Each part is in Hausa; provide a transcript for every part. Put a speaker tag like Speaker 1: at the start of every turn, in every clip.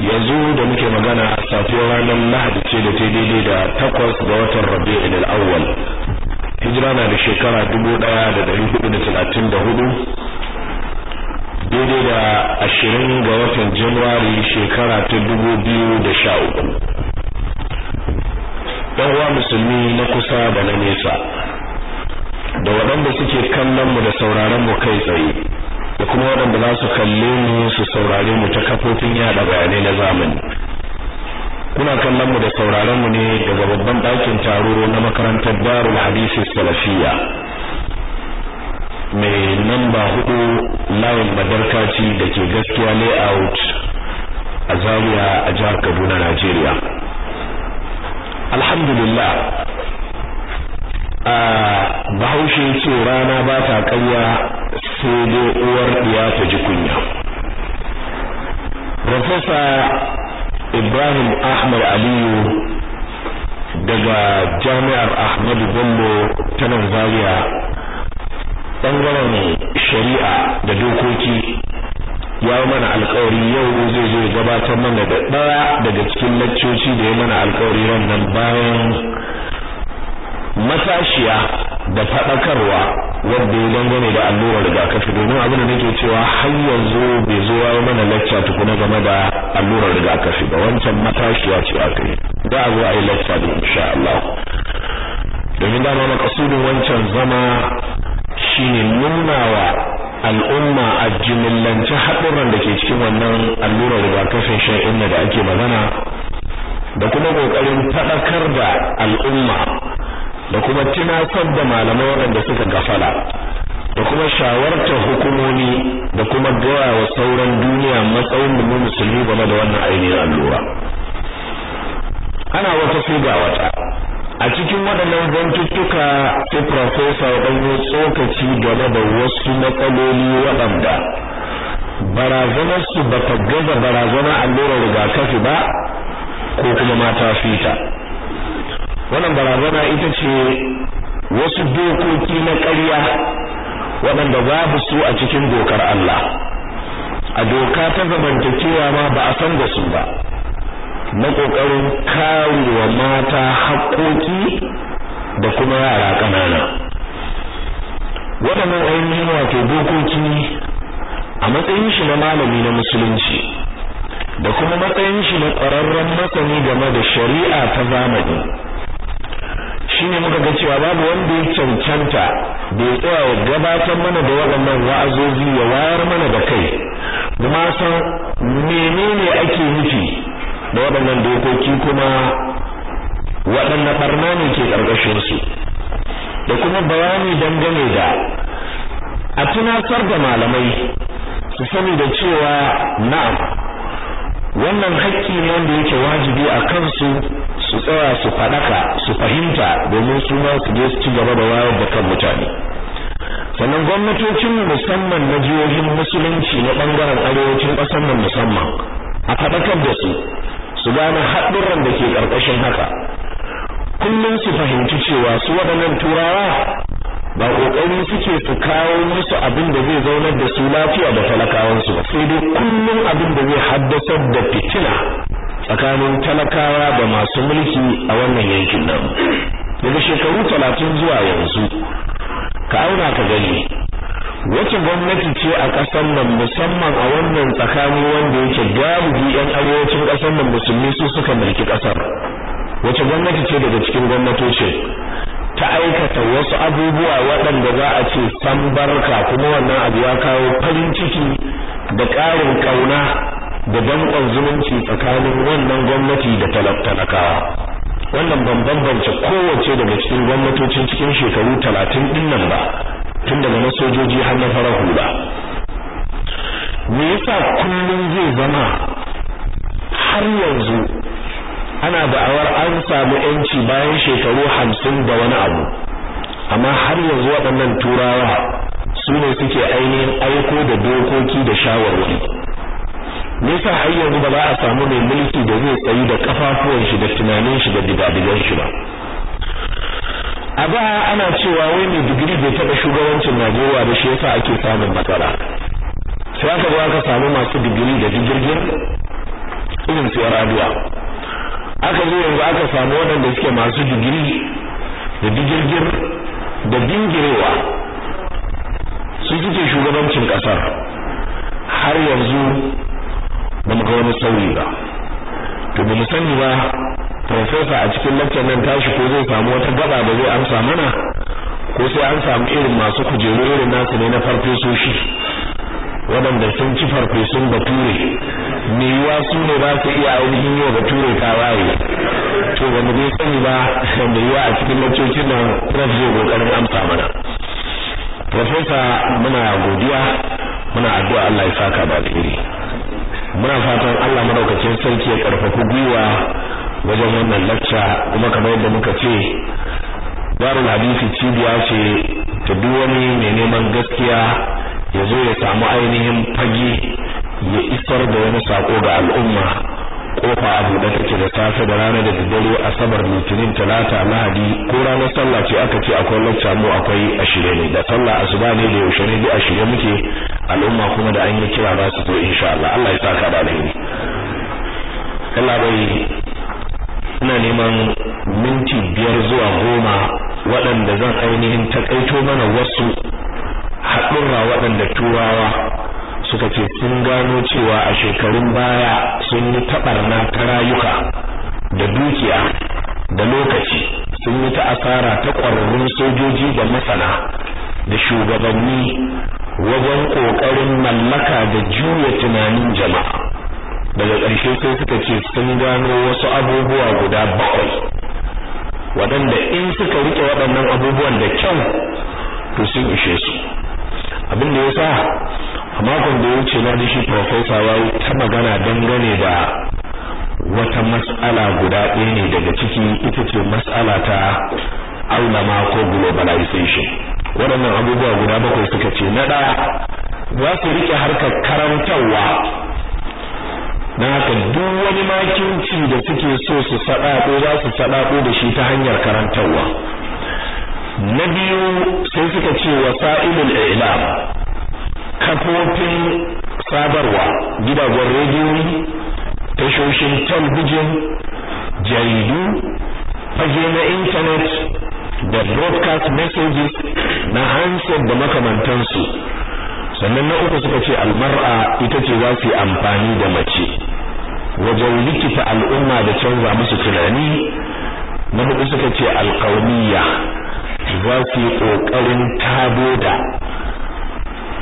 Speaker 1: yanzu da muke magana safiyar ranar lahadi ce da ta daidai da takwas ga watan rabi'in al'awwal hijira na da shekara dubu ɗaya da dari hudu da talatin da hudu daidai da ashirin ga watan januwari shekara ta dubu biyu da sha uku ɗan uwa musulmi na kusa da na nesa da waɗanda suke kallon mu da sauraron mu kai tsaye da kuma waɗanda za su kalle mu su saurare mu ta kafofin yada bayanai na zamani kuna kallon mu da sauraron mu ne daga babban ɗakin taro na makarantar Darul Hadisi Salafiya mai namba hudu layin madarkaci da ke gaskiya layout a Zaria a jihar Kaduna Najeriya alhamdulillah a bahaushe ce rana ba ta karya sai dai uwar ɗiya ta ji kunya profesa ibrahim ahmad aliyu daga jami'ar ahmadu bello ta nan zariya ɓangaren shari'a da dokoki ya yi mana alkawari yau zai zo gabatar mana da ɗaya daga cikin laccoci da ya mana alkawari ran nan bayan matashiya da faɗakarwa wanda ya dangane da allurar rigakafi domin abin da nake cewa har yanzu bai zo ya mana lacca tukuna game da allurar rigakafi ba wancan matashiya ce aka yi da a zo a yi lacca da insha Allah domin dama makasudin wancan zama shine nuna wa al'umma a jimillance haɗurran da ke cikin wannan allurar rigakafin inda da ake magana da kuma ƙoƙarin faɗakar da al'umma da kuma tunasar da malamai waɗanda suka gafala da kuma shawartar hukumomi da kuma gaya wa sauran duniya matsayin da mu musulmi game da wannan ainihin allura ana wata ga wata a cikin waɗannan zantuttuka sai farfesa ɗanyo tsokaci game da wasu matsaloli waɗanda barazanarsu ba ta gaza barazana allurar rigakafi ba ko kuma mata fita wannan barazana ita ce wasu dokoki na ƙarya waɗanda babu su a cikin dokar Allah a doka ta zamantakewa ma ba a san da su ba na ƙoƙarin karewa mata haƙoƙi da kuma yara ƙanana waɗannan ainihin wato dokoki a matsayin shi na malami na musulunci da kuma matsayin shi na ƙwararren masani game da shari'a ta zamani shine muka ga cewa babu wanda ya cancanta da ya tsaya gabatar mana da waɗannan wa'azozi ya wayar mana da kai kuma san menene ake nufi da waɗannan dokoki kuma waɗanne ɓarna ne ke ƙarƙashin su da kuma bayani dangane da a tunatar da malamai su sani da cewa na'am wannan hakki ne wanda yake wajibi a kansu su tsaya su faɗaka su fahimta domin su ma su je su ci gaba da wayar da kan mutane sannan gwamnatocin musamman na jihohin musulunci na ɓangaren arewacin ƙasar nan musamman a faɗakar da su su gane haɗurran da ke ƙarƙashin haka kullum su fahimci cewa su waɗannan turawa ba kokari suke su kawo musu abin da zai zaunar da su lafiya da talakawansu ba sai dai kullum abin da zai haddasar da fitina tsakanin talakawa da masu mulki a wannan yankin nan daga shekaru talatin zuwa yanzu ka auna ka gani wacce gwamnati ce a ƙasar nan musamman a wannan tsakani wanda yake galibi yan arewacin ƙasar nan musulmi su suka mulki ƙasar wacce gwamnati ce daga cikin gwamnatoci ta aikata wasu abubuwa waɗanda za a ce san barka kuma wannan abu ya kawo farin ciki da ƙarin ƙauna da danƙon zumunci tsakanin wannan gwamnati da talakawa wannan ban kowace daga cikin gwamnatocin cikin shekaru talatin ɗin nan ba tun daga na sojoji har na farar hula me yasa kullum zai zama har yanzu ana da'awar an samu yanci bayan shekaru hamsin da wani abu amma har yanzu waɗannan turawa su ne suke ainihin aiko da dokoki da shawarwari nisa har yanzu ba za a samu mai mulki da zai tsayi da kafafuwan shi da tunanin shi da digadigan shi ba a ba ana cewa wai mai digiri bai taɓa shugabancin najeriya ba shi yasa ake samun matsala sai aka zo aka samu masu digiri da jirgin irin su yar aka zo yanzu aka samu waɗanda suke masu digiri da digirgir da dingirewa su suke shugabancin ƙasar har yanzu ba ga wani sauyi ba to ba mu sani ba profesa a cikin lecture nan tashi ko zai samu wata gaba da zai amsa mana ko sai an samu irin masu kujeru irin nasu ne na farfesoshi waɗanda sun ci farfesun bature mai yiwa su ne ba su iya ainihin yau bature tawaye to ba mu sani ba mai yiwa a cikin macocin nan prof zai kokarin amsa mana profesa muna godiya muna addu'a Allah ya saka da iri muna fatan Allah madaukakin sarki ya ƙarfafi gwiwa wajen wannan lacca kuma kamar yadda muka ce darul hadisi cibiya ce ta duk wani mai neman gaskiya ya zo ya samu ainihin fage ya isar da wani sako ga al'umma kofa a buɗe take da safe da rana da daddare asabar litinin talata lahadi ko ranar sallah ce aka ce akwai lacca mu akwai ashirye ne da sallah asuba ne da yaushe ne a ashirye muke al'umma kuma da an yi kira za su zo insha Allah Allah ya saka da alheri Allah bai ina neman minti biyar zuwa goma waɗanda zan ainihin takaito mana wasu haɗurra waɗanda turawa suka ce sun gano cewa a shekarun baya sun yi taɓarna ta rayuka da dukiya da lokaci sun yi ta asara ta ƙwararrun sojoji da masana da shugabanni wajen ƙoƙarin mallaka da juya tunanin jama'a daga ƙarshe sai suka ce sun gano wasu abubuwa guda bakwai waɗanda in suka riƙe waɗannan abubuwan da kyau to sun ishe su abin da ya sa a makon da ya wuce na da shi profesa ya yi ta magana dangane da wata matsala guda ɗaya ne daga ciki ita ce matsala ta aunama ko globalization waɗannan abubuwa guda bakwai suka ce na ɗaya za su riƙe harkar karantarwa na haka duk wani makinci da suke so su saɗaɗo za su saɗaɗo da shi ta hanyar karantarwa na biyu sai suka ce wasa'ilul i'lam kafofin sabarwa gidagon rediyo tashoshin talbijin jaridu fage na intanet da broadcast messages na handset da makamantansu sannan na uku suka ce almar'a ita ce za su yi amfani da mace wajen likita al'umma da canza musu tunani na hudu suka ce alƙauniya za su yi ƙoƙarin tabo da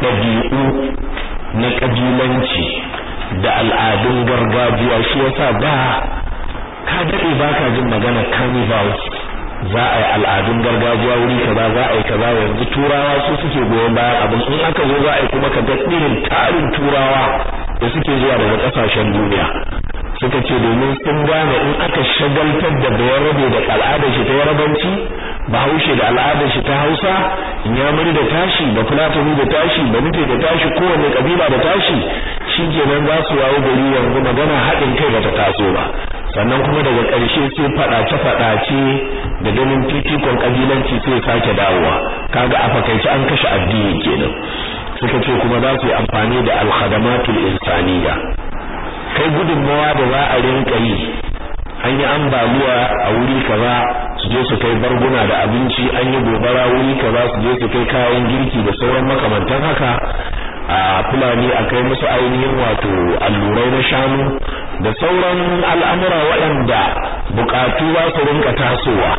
Speaker 1: ɗabi'u na ƙabilanci da al'adun gargajiya shi yasa ba ka daɗe ba ka jin magana carnival. za a yi al'adun gargajiya wuri kaza za a yi kaza yanzu turawa su suke goyon bayan abin in aka zo za a yi kuma ka ga irin tarin turawa da suke zuwa daga ƙasashen duniya suka ce domin sun gane in aka shagaltar da bayarabe da al'adar shi ta yarabanci bahaushe da al'adar shi ta hausa inyamuri da tashi ba fulatani da tashi ba nufe da tashi kowane kabila da tashi shi kenan za su wawo gari yanzu magana haɗin kai ba ta taso ba sannan kuma daga ƙarshe sai faɗace-faɗace da ganin titikon ƙabilanci sai sake dawowa kaga a fakaice an kashe addini kenan suka ce kuma za su yi amfani da alhadamatul insaniya kai gudunmawa da za a rinka yi an yi ambaliya a wuri kaza su je su kai barguna da abinci an yi gobara wuri kaza su je su kai kayan girki da sauran makamantan haka a fulani a kai musu ainihin wato allurai na shanu da sauran al'amura waɗanda bukatu za su rinka tasowa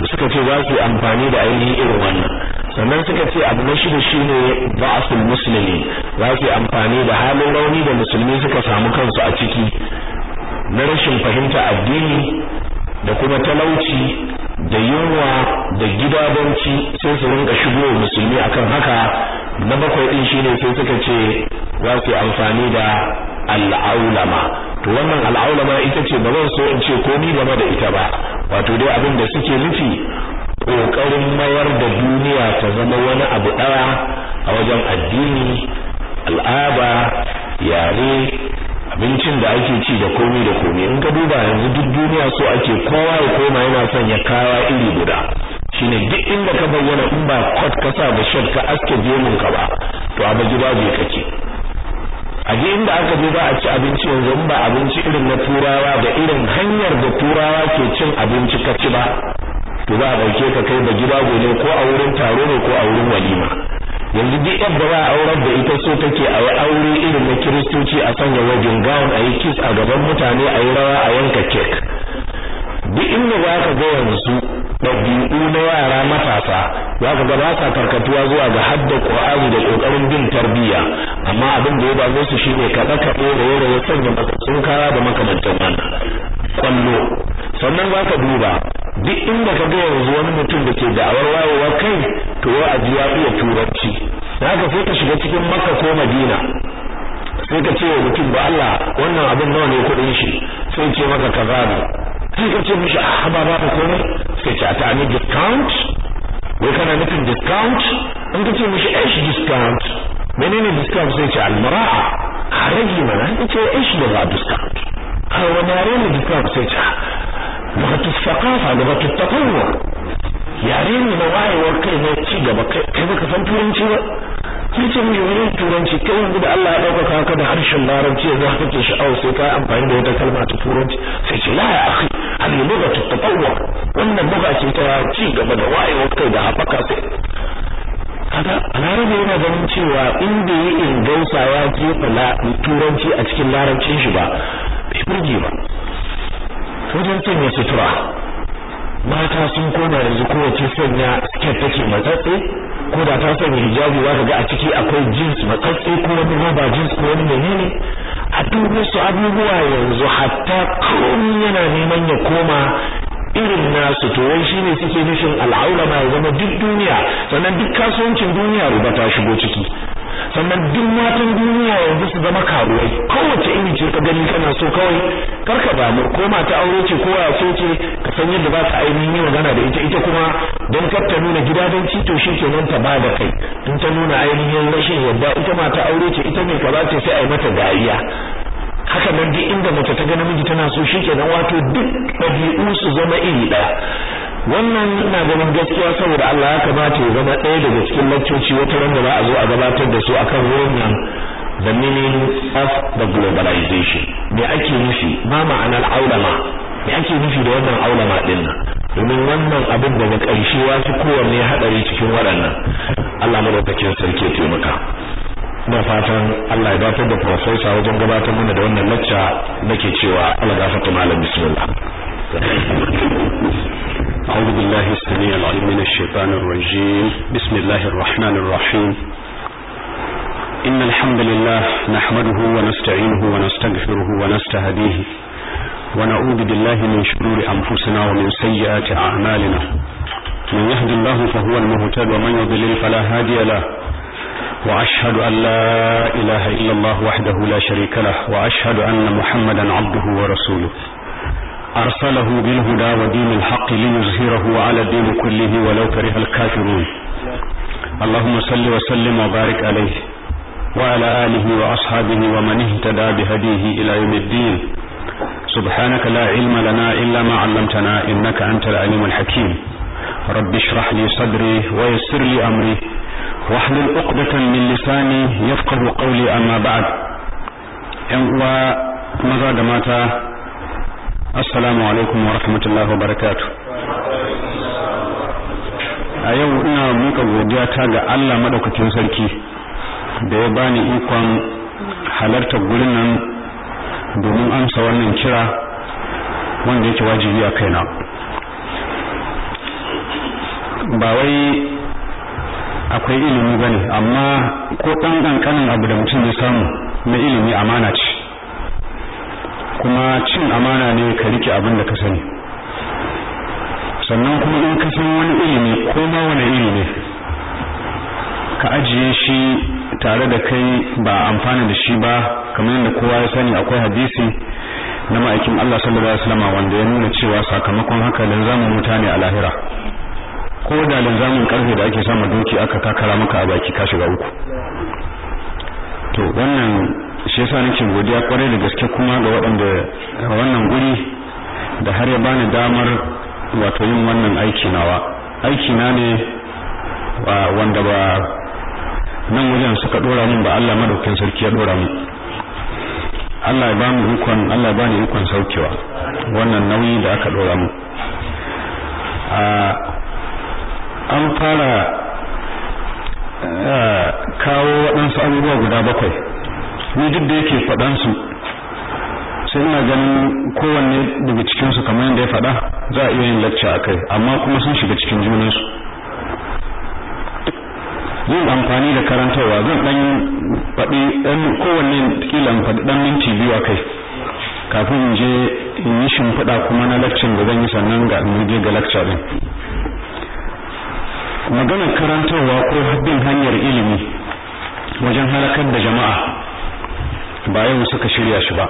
Speaker 1: to suka ce za su amfani da ainihin irin wannan sannan suka ce abu na shida shine ba'asul musulmi za su amfani da halin rauni da musulmi suka samu kansu a ciki na rashin fahimta addini da kuma talauci da yunwa da gidabanci sai su rinka shigo musulmi akan haka na bakwai din shine sai suka ce za su amfani da al'aulama to wannan al'aulama ita ce ba zan so in ce komi game da ita ba wato dai abin da suke nufi kokarin mayar da duniya ta zama wani abu ɗaya a wajen addini al'ada yare abincin da ake ci da komi da komi in ka duba yanzu duk duniya so ake kowa ya koma yana son ya kaya iri guda shine duk inda ka bayyana in ba kot ka sa ba shot ka aske gemun ka ba to a baji babu kake a ji inda aka je ba a ci abinci yanzu in ba abinci irin na turawa da irin hanyar da turawa ke cin abinci ka ci ba to za a dauke ka kai baji babu ne ko a wurin taro ne ko a wurin walima yanzu duk yadda za a aurar da ita so take a yi aure irin na kiristoci a sanya wajen gawon a yi kis a gaban mutane a yi rawa a yanka kek duk inda za ka ga yanzu ɗabi'u na yara matasa za ka ga ba sa karkatuwa zuwa ga hadda ƙur'ani da ƙoƙarin bin tarbiyya amma abin da ya dame su shine kaɗa kaɗe da raye-raye sanya makasin kara da makamantan wannan kwallo sannan za ka duba duk inda ka ga yanzu wani mutum da ke da'awar wayewa kai to wa aji ya iya turanci ka sai ka shiga cikin makka ko madina sai ka ce wa mutum ba Allah wannan abin nawa ne kuɗin shi sai ce maka kaza ne sai ka ce mishi a ba ba komai sai ce a ta ni discount wai kana nufin discount in ka ce mishi shi discount menene discount sai ce almara'a a rage mana ita ce shi da ba discount a wani yare ne hijab sai daga lugatu thaqafa daga tatawwa yare ne da wayewar kai ne ci gaba kai baka san turanci ba sai ce mu yi turanci kai yanzu da Allah ya dauka ka da harshen larabci yanzu haka shi sha'awa sai ka amfani da wata kalma ta turanci sai ce la ya akhi hal lugatu tatawwa wannan lugha ce ta ci gaba da wayewar kai da haɓaka sai kaga larabi yana ganin cewa in bai yi ingausa ya jefa turanci a cikin larabcin shi ba shirgi ba wajen sanya sutura mata sun koma yanzu kowace sanya skirt take matsatse ko da ta sanya hijabi za ga a ciki akwai jeans matsatse ko wani roba jeans ko wani menene a duk wasu abubuwa yanzu hatta komai yana neman ya koma irin nasu to wai shine suke nufin al'aula ma ya zama duk duniya sannan duk kasuwancin duniya ruba ta shigo ciki sannan duk matan duniya yanzu su zama karuwai kowace iri ce ka gani kana so kawai karka damu ko mata aure ce ko yaso ce ka san yadda za ka ainihin yi magana da ita ita kuma don kar ta nuna gida don cito shi kenan ta ba da kai don ta nuna ainihin rashin yadda ita mata aure ce ita ne kaza ce sai a yi mata dariya haka nan duk inda mace ta ga namiji tana so shi kenan wato duk ɗabi'u su zama iri ɗaya wannan ina ganin gaskiya saboda Allah ya kamata ya zama ɗaya daga cikin laccoci wata wanda za a zo a gabatar da su akan wurin nan the meaning of the globalization me ake nufi ma ma'ana aulama me ake nufi da wannan aulama din nan domin wannan abin da daga ƙarshe wasu kowanne haɗari cikin waɗannan Allah madaukakin sarki ya taimaka na fatan Allah ya dafar da professor wajen gabatar mana da wannan lacca nake cewa Allah gafarta malam bismillah أعوذ بالله السميع العليم من الشيطان الرجيم بسم الله الرحمن الرحيم إن الحمد لله نحمده ونستعينه ونستغفره ونستهديه ونعوذ بالله من شرور أنفسنا ومن سيئات أعمالنا من يهد الله فهو المهتد ومن يضلل فلا هادي له وأشهد أن لا إله إلا الله وحده لا شريك له وأشهد أن محمدا عبده ورسوله أرسله بالهدى ودين الحق ليظهره على الدين كله ولو كره الكافرون اللهم صل وسلم وبارك عليه وعلى آله وأصحابه ومن اهتدى بهديه إلى يوم الدين سبحانك لا علم لنا إلا ما علمتنا إنك أنت العليم الحكيم رب اشرح لي صدري ويسر لي أمري wahalin ukudatan da ya fi kawo kauli amma ba a ‘yan uwa maza da mata assalamu alaikum wa rahmatullahi wa barakatu a yau ina muka godiya ta ga allah maɗaukakin sarki da ya bani ikon halartar gurin nan domin amsa wannan kira wanda yake wajibi a kaina bawai. akwai ilimi bane amma ko dan kankanin abu da mutum ya samu na ilimi amana ce kuma cin amana ne ka rike abin da ka sani sannan kuma in ka san wani ilimi ko ma wani ilimi ka ajiye shi tare da kai ba amfana da shi ba kamar yadda kowa ya sani akwai hadisi na ma'aikin Allah sallallahu alaihi wasallam wanda ya nuna cewa sakamakon haka dan zamu mutane a lahira ko da linzamin karfe da ake sama duki aka kakara maka a baki ka shiga uku to wannan shi yasa nake godiya kwarai da gaske kuma ga waɗanda wannan guri da har ya bani damar wato yin wannan aiki nawa aiki na ne wanda ba nan wajen suka dora min ba Allah madaukakin sarki ya dora min Allah ya bani ikon Allah ya bani ikon saukewa wannan nauyi da aka dora mu. a an fara eh, kawo waɗansu abubuwa guda bakwai ni duk da yake faɗansu sai ina ganin kowanne daga cikinsu kamar yadda ya faɗa za a iya yin lacca a kai amma kuma sun shiga cikin junansu yin amfani da karantarwa zan ɗan faɗi ɗan kowanne kila faɗi ɗan minti biyu a kai kafin in je in yi shimfiɗa kuma na laccin da zan yi sannan ga in je ga lakca ɗin maganar karantarwa ko bin hanyar ilimi wajen halakar da jama'a ba yau suka shirya shi ba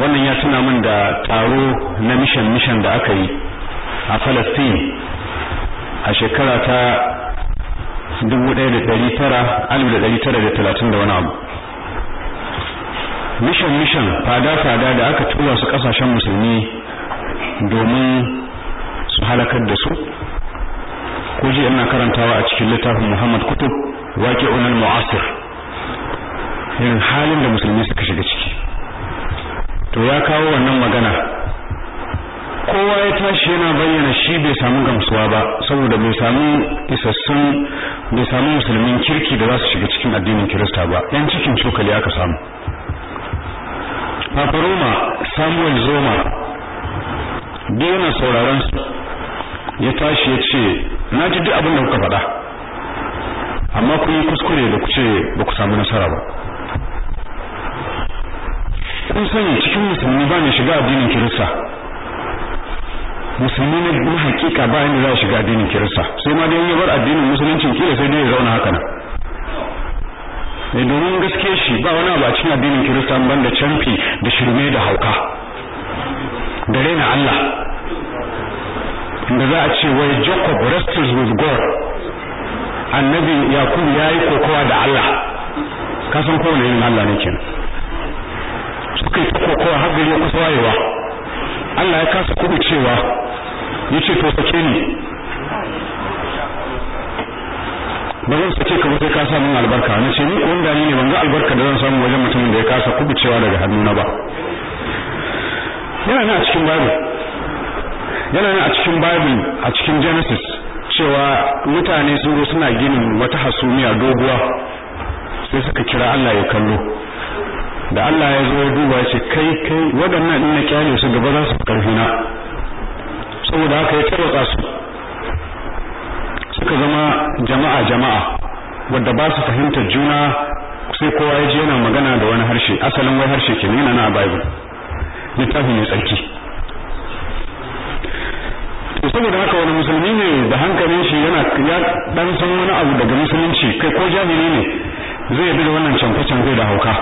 Speaker 1: wannan ya tuna min da taro na mishan mishan da aka yi a Falastin a shekara ta 1930 da wani abu mishan mishan fada fada da aka tura su kasashen musulmi domin su halakar da su ko ji ina karantawa a cikin littafin Muhammad Kutub waqi'un al-mu'asir irin halin da musulmi suka shiga ciki to ya kawo wannan magana kowa ya tashi yana bayyana shi bai samu gamsuwa ba saboda bai samu isassun bai samu musulmin kirki da za su shiga cikin addinin Kirista ba yan cikin cokali aka samu Papa Roma Samuel Zoma duk yana sauraron su ya tashi ya ce na ji duk abin da kuka faɗa amma kun yi kuskure da ku ce ba ku samu nasara ba kun sani cikin musulmi ba ne shiga addinin kirista musulmi na hakika ba yadda za a shiga addinin kirista sai ma dai ya bar addinin musuluncin kila sai dai ya zauna haka nan mai eh, domin gaske shi ba wani abu a cikin addinin kirista ban da camfi da shirme da hauka da raina Allah da za a ce wai Jacob wrestles with God annabi Yakub yi kokowa da Allah ka san ko ne Allah ne kenan suka yi kokowa har gari kusa wayewa Allah ya kasa kuɗi cewa yace to sake ni ba zan sake ka sai ka samu albarka na ce ni ko da ne ban ga albarka da zan samu wajen mutumin da ya kasa cewa daga hannuna ba yana na cikin babu yana nan a cikin bible a cikin genesis cewa mutane sun zo suna ginin wata hasumiya doguwa sai suka kira Allah ya kallo da Allah ya zo duba ya ce kai kai waɗannan in na kyale su gaba za su karfi na saboda haka ya tarwatsa su suka zama jama'a jama'a wadda ba su fahimtar juna sai kowa ya ji yana magana da wani harshe asalin wai harshe ke nuna na bible littafin mai tsarki to saboda haka wani musulmi ne da hankalin shi yana ya dan san wani abu daga musulunci kai ko jami'i ne zai yi da wannan canfe canfe da hauka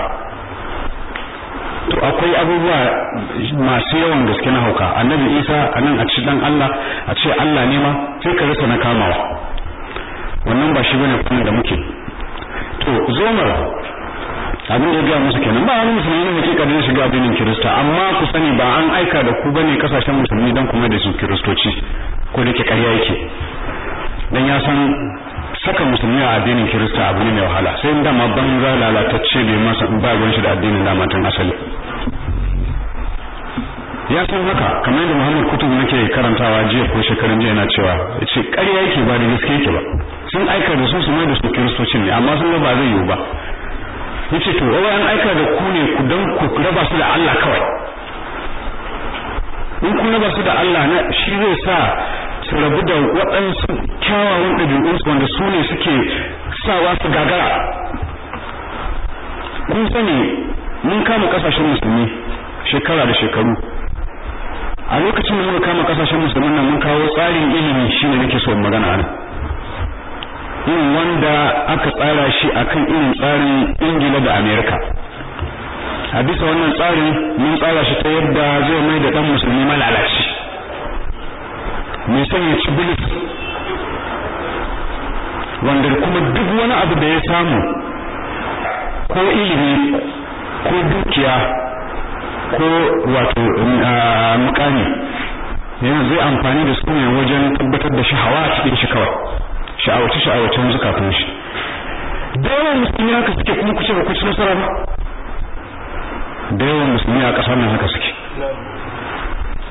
Speaker 1: to akwai abubuwa masu yawan gaske na hauka annabi isa a nan a ci dan allah a ce allah ne ma sai ka rasa na kamawa wannan ba shi bane kuma da muke to zomar abin da ya gaya musu kenan ba wani musulmi ne hakika da shiga addinin kirista amma ku sani ba an aika da ku bane kasashen musulmi dan kuma da su kiristoci ko da ke ƙarya yake dan ya san saka musulmi a addinin kirista abu ne mai wahala sai in dama banza lalatacce bai masa ba gwan shi da addinin dama tun asali ya san haka kamar yadda Muhammad Kutub nake karantawa jiya ko shekarun jiya yana cewa yace ƙarya yake ba da gaske yake ba sun aika da su su mai da su kiristocin ne amma sun ga ba zai yiwu ba yace to wai an aika da ku ne ku dan ku raba su da Allah kawai in kun raba su da Allah na shi zai sa su rabu da waɗansu kyawawan su wanda su ne suke sawa su gagara kun sani mun kama kasashen musulmi shekara da shekaru a lokacin da muka kama kasashen musulmi nan mun kawo tsarin ilimi shine nake so magana nan irin wanda aka tsara shi akan irin tsarin ingila da amerika a bisa wannan tsarin mun tsara shi ta yadda zai mai da dan musulmi malalaci mai son ya ci bilis wanda kuma duk wani abu da ya samu ko ilimi ko dukiya ko wato mukami yana zai amfani da su ne wajen tabbatar da shahawa a cikin shi kawai sha'awace sha'awacen zukatun shi da yawan musulmi haka suke kuma kuce ba kuce nasara ba da yawan musulmi a ƙasar nan haka suke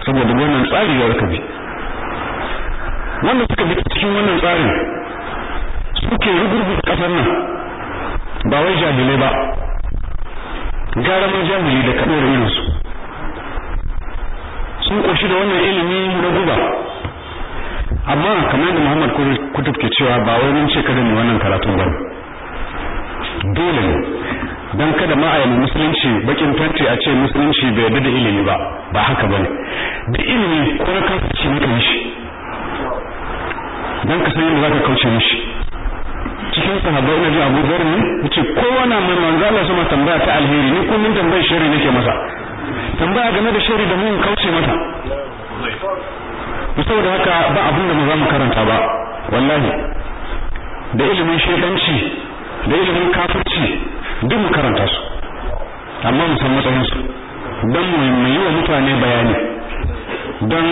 Speaker 1: saboda wannan tsari ya rika bi wanda suka bi cikin wannan tsarin suke rugurguza ƙasar nan ba wai jahilai ba gara mai jahili da kaɗo da irinsu sun ƙoshi da wannan ilimin na guba amma kamar da Muhammad Kutub ke cewa ba wai mun ce kada ne wannan karatun ba dole ne dan kada ma'ayin musulunci bakin tanti a ce musulunci bai yarda da ilimi ba ba haka bane da ilimi ko na ce ne kai shi dan ka san yadda zaka kauce mishi cikin sahabbai na ji Abu Dharr ne yace kowa na mai manzo Allah sama tambaya ta alheri ni kullun tambayar ne nake masa
Speaker 2: tambaya game da shari da mun kauce mata da haka ba abin da mu za mu karanta ba
Speaker 1: wallahi da ilimin shekanci da ilimin kafirci duk mu karanta su amma mu san matsayin su don mu yi wa mutane bayani don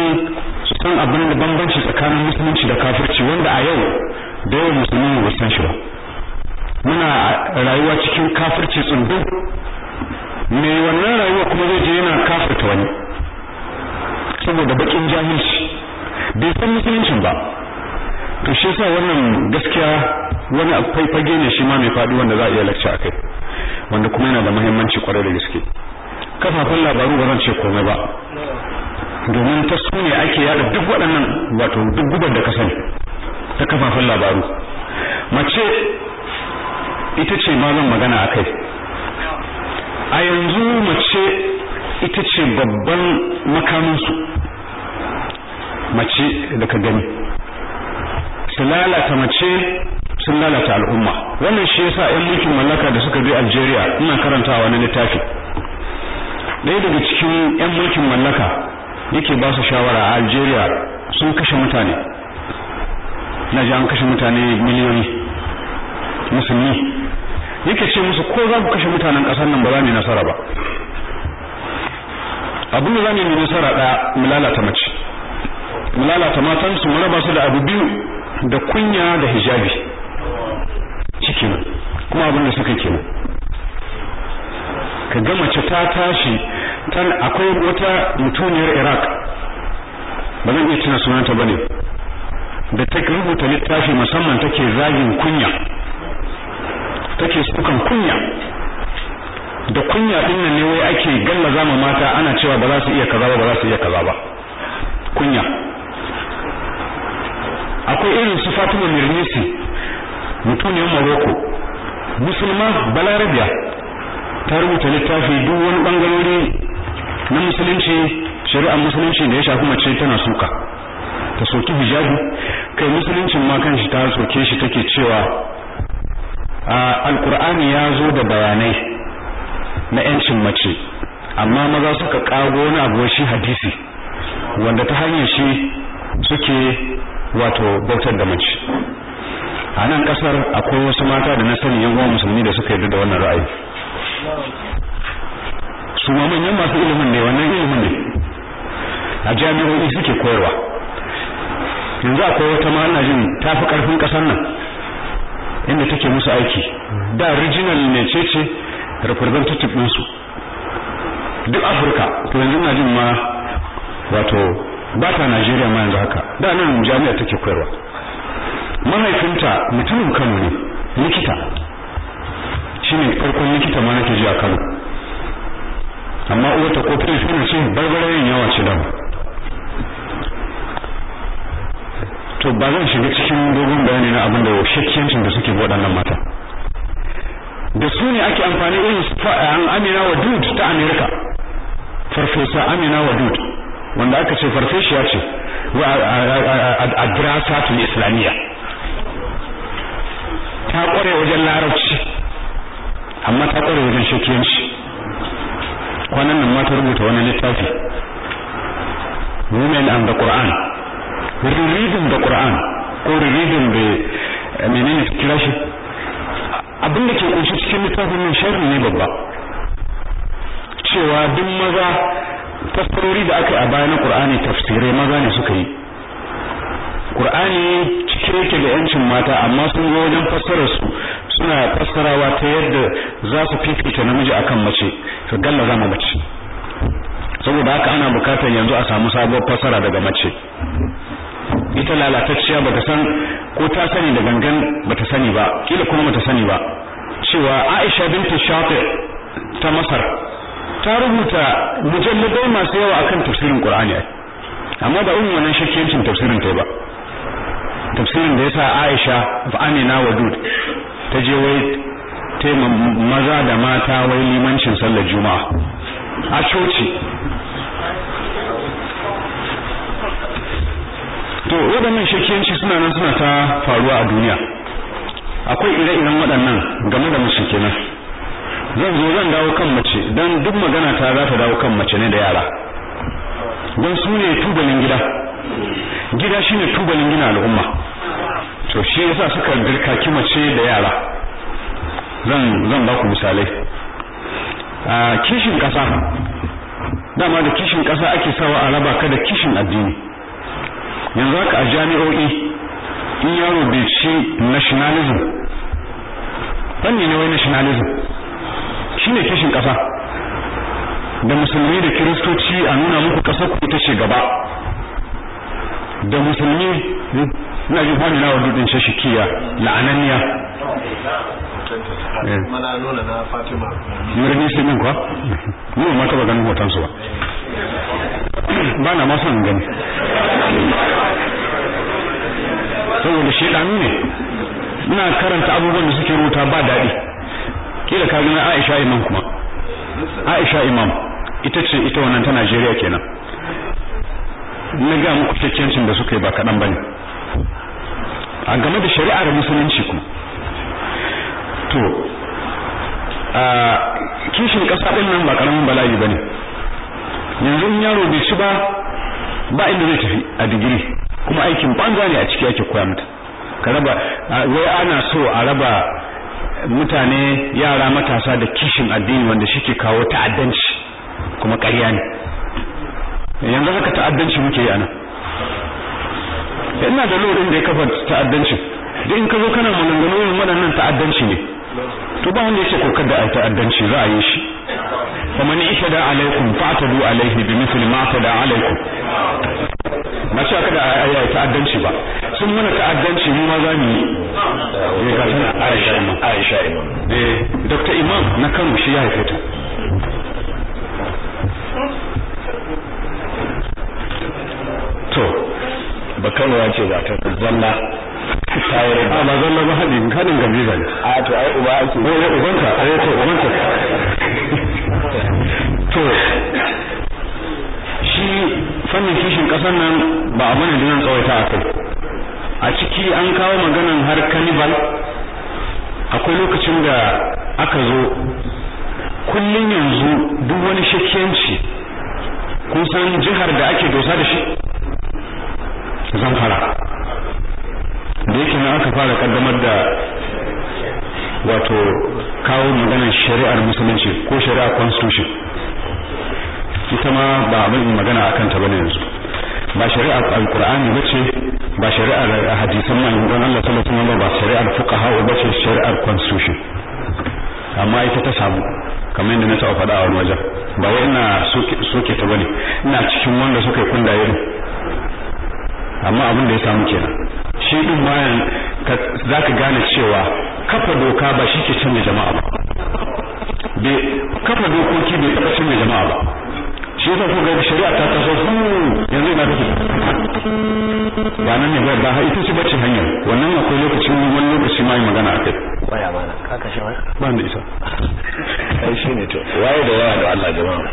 Speaker 1: su san abin da bambanci tsakanin musulunci da kafirci wanda a yau da yawan musulmi ba san shi ba muna rayuwa cikin kafirci tsundu mai wannan rayuwa kuma zai je yana kafirta wani saboda bakin jahilci bai san musuluncin ba to shi yasa wannan gaskiya wani akwai fage ne shi ma mai faɗi wanda za a iya lakci a kai wanda kuma yana da muhimmanci kwarai da gaske kafafen labaru ba zan ce komai ba domin ta su ne ake yada duk waɗannan wato duk gubar da ka ta kafafen labaru mace ita ce ma zan magana a kai a yanzu mace ita ce babban makaminsu mace da ka gani su lalata mace sun lalata al'umma wannan shi yasa yan mulkin mallaka da suka bi Algeria ina karantawa wani littafi ɗaya daga cikin yan mulkin mallaka yake ba su shawara a Algeria sun kashe mutane na ji an kashe mutane miliyoyi musulmi yake ce musu ko za ku kashe mutanen ƙasar nan ba za mu nasara ba abin da za mu yi nasara ɗaya mu lalata mace mu lalata matan su mu raba su da abu biyu da kunya da hijabi cikin kuma abin da suka kenan ka ga mace ta tashi tan akwai wata mutuniyar Iraq ba zan iya tuna sunanta bane da ta rubuta littafi musamman take zagin kunya take sukan kunya da kunya din nan ne wai ake gallaza ma mata ana cewa ba za su iya kaza ba ba za su iya kaza ba kunya akwai irin su Fatima Mirnisi a Morocco musulma balarabiya ta rubuta littafi duk wani bangarori na musulunci shari'a musulunci da ya shafi mace tana suka ta soki hijabi kai musuluncin ma kanshi ta soke shi take cewa alkur'ani ya zo da bayanai na yancin mace amma maza suka kago wani abu shi hadisi wanda ta hanyar shi suke wato bautar da mace a nan kasar akwai wasu mata da na sani yan uwa musulmi da suka yarda da wannan ra'ayi su ma manyan masu ilimin ne wannan ilimin ne a jami'o'i suke koyarwa yanzu akwai wata ma ana jin fi karfin kasar nan inda take musu aiki da original ne ce ce representative ɗinsu duk afirka to yanzu na jin ma wato ba ta Najeriya ma yanzu haka da nan jami'a take koyarwa mahaifinta mutumin Kano ne likita shine farkon likita ma nake ji a Kano amma uwar ta ko tana ce barbarayen yawa ce da to ba zan shiga cikin dogon bayani na abinda da shakkiyancin da suke waɗannan mata da su ne ake amfani irin an Amina Wadud ta Amerika farfesa Amina wa Wadud wanda aka ce ya ce a dirasatul islamiyya ta kware wajen larabci amma ta kware wajen shekiyanci kwanan nan mata rubuta wani littafi women and the Quran rereading the Quran ko rereading the eh, menene kira shi abin da ke kunshi cikin littafin nan sharri ne babba cewa duk maza tafsirori da aka yi a baya na qur'ani tafsirai maza ne suka yi qur'ani cike yake da yancin mata amma sun zo wajen fassarar su suna fassarawa ta yadda za su fifita namiji akan mace su za mu mace saboda haka ana bukatar yanzu a samu sabuwar fassara daga mace ita lalatacciya ba ta san ko ta sani da gangan ba ta sani ba kila kuma ta sani ba cewa Aisha binta Shafi ta Masar ta rubuta mujalladai masu yawa akan tafsirin Qur'ani amma ba umma nan shakkiyancin tafsirin ta ba tafsirin da yasa Aisha fa Amina wa Dud ta je wai ta maza da mata wai limancin sallar Juma'a a coci to waɗannan shakkiyanci suna nan suna ta faruwa a duniya akwai ire-iren waɗannan game da musu kenan zan zo zan dawo kan mace don duk magana ta za ta dawo kan mace ne da yara don su ne tubalin gida gida shi ne tubalin gina al'umma to shi yasa suka ki mace da yara zan zan ba ku misalai a kishin kasa dama da kishin kasa ake sawa a raba ka da kishin addini yanzu haka a jami'o'i in yaro bai ci nationalism fanni ne wai nationalism ne kishin kasa da musulmi da kiristoci a nuna muku kasar ku ita ce gaba da musulmi ina jin kwani na wadu shashikiya la'ananniya
Speaker 2: eh. mana nuna na fatima
Speaker 1: kwa nuna ma taba ganin hotonsu ba ba na masu gani saboda ne ina karanta abubuwan da suke rubuta ba daɗi kila ka gina Aisha imam kuma Aisha imam ita ce ita wannan ta Najeriya kenan na ga muku cikakken da suka yi ba kaɗan bane a game da shari'ar musulunci kuma to a kishin ƙasa din nan ba ƙaramin bala'i bane yanzu in yaro bai ci ba ba inda zai tafi a digiri kuma aikin banza ne a ciki ake koya mata ka raba wai ana so a raba mutane yara matasa da kishin addini wanda shi kawo ta'addanci kuma ƙarya ne yanzu haka ta'addanci muke yi anan ina da lorin da ya kafa ta'addanci duk in ka zo kana maganganu waɗannan ta'addanci ne to ba wanda yake kokar da ai ta'addanci za a yi shi فمن اشهد عليكم فاعتدوا عليه بمثل ما اعتدى عليكم ما شاء كده a yi ta'addanci ba sun mana ta'addanci mu ma za عائشة yi eh, ne Aisha Imam Aisha eh, na Kano shi to ce ba ta zalla tayar ba ah, ba zalla ba hadin kanin gabi a to ai uba ake ne ubanka ai eh, to ubanka to shi fannin kishin ƙasar nan ba a mana dinan tsawaita a kai a ciki an kawo maganan har kanibal akwai lokacin da aka zo kullum yanzu duk wani shakiyanci kun san jihar da ake dosa da shi zamfara da yake nan aka fara kaddamar da wato kawo maganar shari'ar musulunci ko shari'ar constitution ita ma ba abin magana a kanta ba ne yanzu ba shari'ar alkur'ani ba ce ba shari'ar hadisan don Allah sallallahu alaihi wasallam ba shari'ar fuqaha ba ce shari'ar constitution amma ita ta samu kamar yadda na taɓa faɗa a wani wajen ba wai ina soke ta bane ina cikin wanda suka yi kundaye amma abin da ya samu kenan shi din bayan za ka gane cewa kafa doka ba shi ke canza jama'a ba kafa dokoki bai taɓa canza jama'a ba shi yasa ko ga shari'a ta taso yanzu ina take ba nan ne ba ha ita ce bacci hanya wannan akwai lokaci wani lokaci ma yi magana a kai waya ba ka kashe waya ba ni isa kai shi ne to waye da da Allah jama'a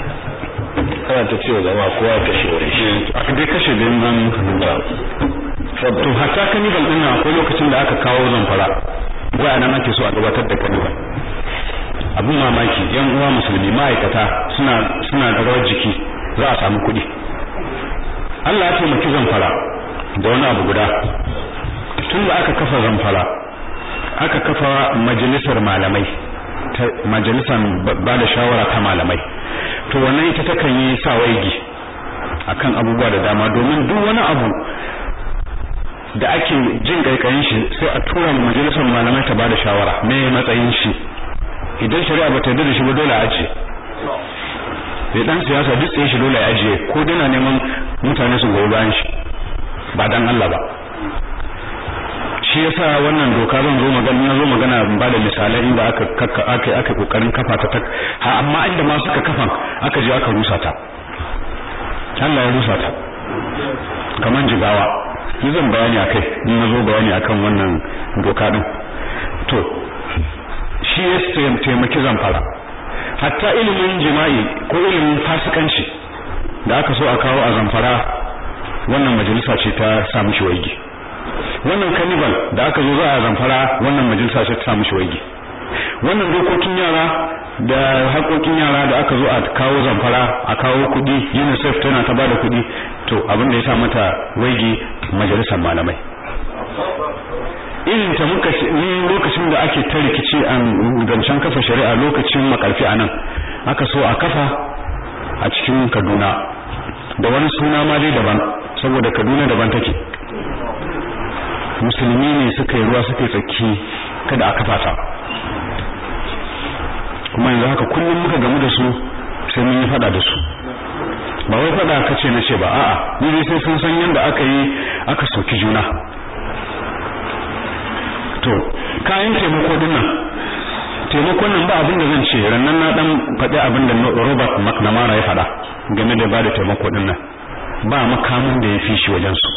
Speaker 1: kana ta ce jama'a kowa kashe wani shi eh, a dai kashe da nan to hatta kanibal din nan akwai lokacin da aka kawo zamfara waya nan ake so a gabatar da kanibal abin mamaki yan uwa musulmi ma'aikata suna suna da rawar jiki za a samu kuɗi Allah ya taimaki zamfara da wani abu guda tun da aka kafa zamfara aka kafa majalisar malamai majalisar ba da shawara ta malamai to wannan ita takan yi sa waigi akan abubuwa da dama domin duk wani abu da ake jin kaikayin shi sai a tura mu majalisar malamai ta bada shawara me matsayin shi idan shari'a bata ta yarda da shi ba dole a aje da dan siyasa duk sai shi dole ya aje ko dana neman mutane su goyi bayan shi ba dan Allah ba shi yasa wannan doka zan zo magana na zo magana ba da misalai inda aka kakka aka aka kokarin kafa ta ha amma inda ma suka kafan aka je aka rusa ta Allah ya rusa ta kaman jigawa ni zan bayani kai in na zo bayani akan wannan doka ɗin to shi ya taimaki zamfara hatta ilimin jima'i ko ilimin fasikanci da aka so a kawo a zamfara wannan majalisa ce ta samu shi wannan kanibal da aka zo za a zamfara wannan majalisa ce ta samu shi wannan dokokin yara da haƙoƙin yara da aka zo a kawo zamfara a kawo kuɗi unicef tana ta bada kuɗi to abin da ya sa mata waige majalisar malamai irin ta muka ne lokacin da ake ta rikici a zancen kafa shari'a lokacin makarfi a nan aka so a kafa a cikin kaduna da wani suna ma dai daban saboda kaduna daban take musulmi ne suka yi ruwa suka yi tsaki kada a kafa ta kuma yanzu haka kullum muka gamu da su sai mun yi fada da su ba wai faɗa ka ce na ce ba a'a ni dai sai sun san yadda aka yi aka soki juna to kayan taimako din nan taimakon nan ba abin da zan ce rannan na dan faɗi abin da Robert McNamara ya faɗa game da bada taimako din nan ba makamin da ya fi shi wajen su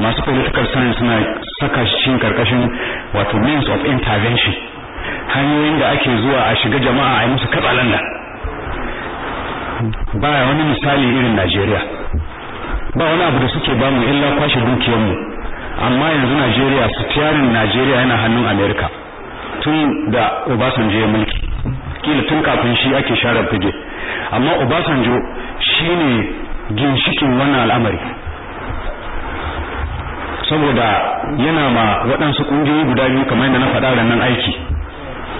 Speaker 1: masu political science suna saka shi cikin karkashin wato means of intervention hanyoyin da ake zuwa a shiga jama'a a yi musu nan baya wani misali irin Najeriya ba wani abu da suke bamu illa kwashe dukiyarmu amma yanzu Najeriya su sitiyarin Najeriya yana hannun Amerika tun da Obasanjo ya mulki kila tun kafin shi ake share fage amma Obasanjo shine ginshikin wannan al'amari saboda yana ma waɗansu ƙungiyoyi guda biyu kamar yadda na faɗa nan aiki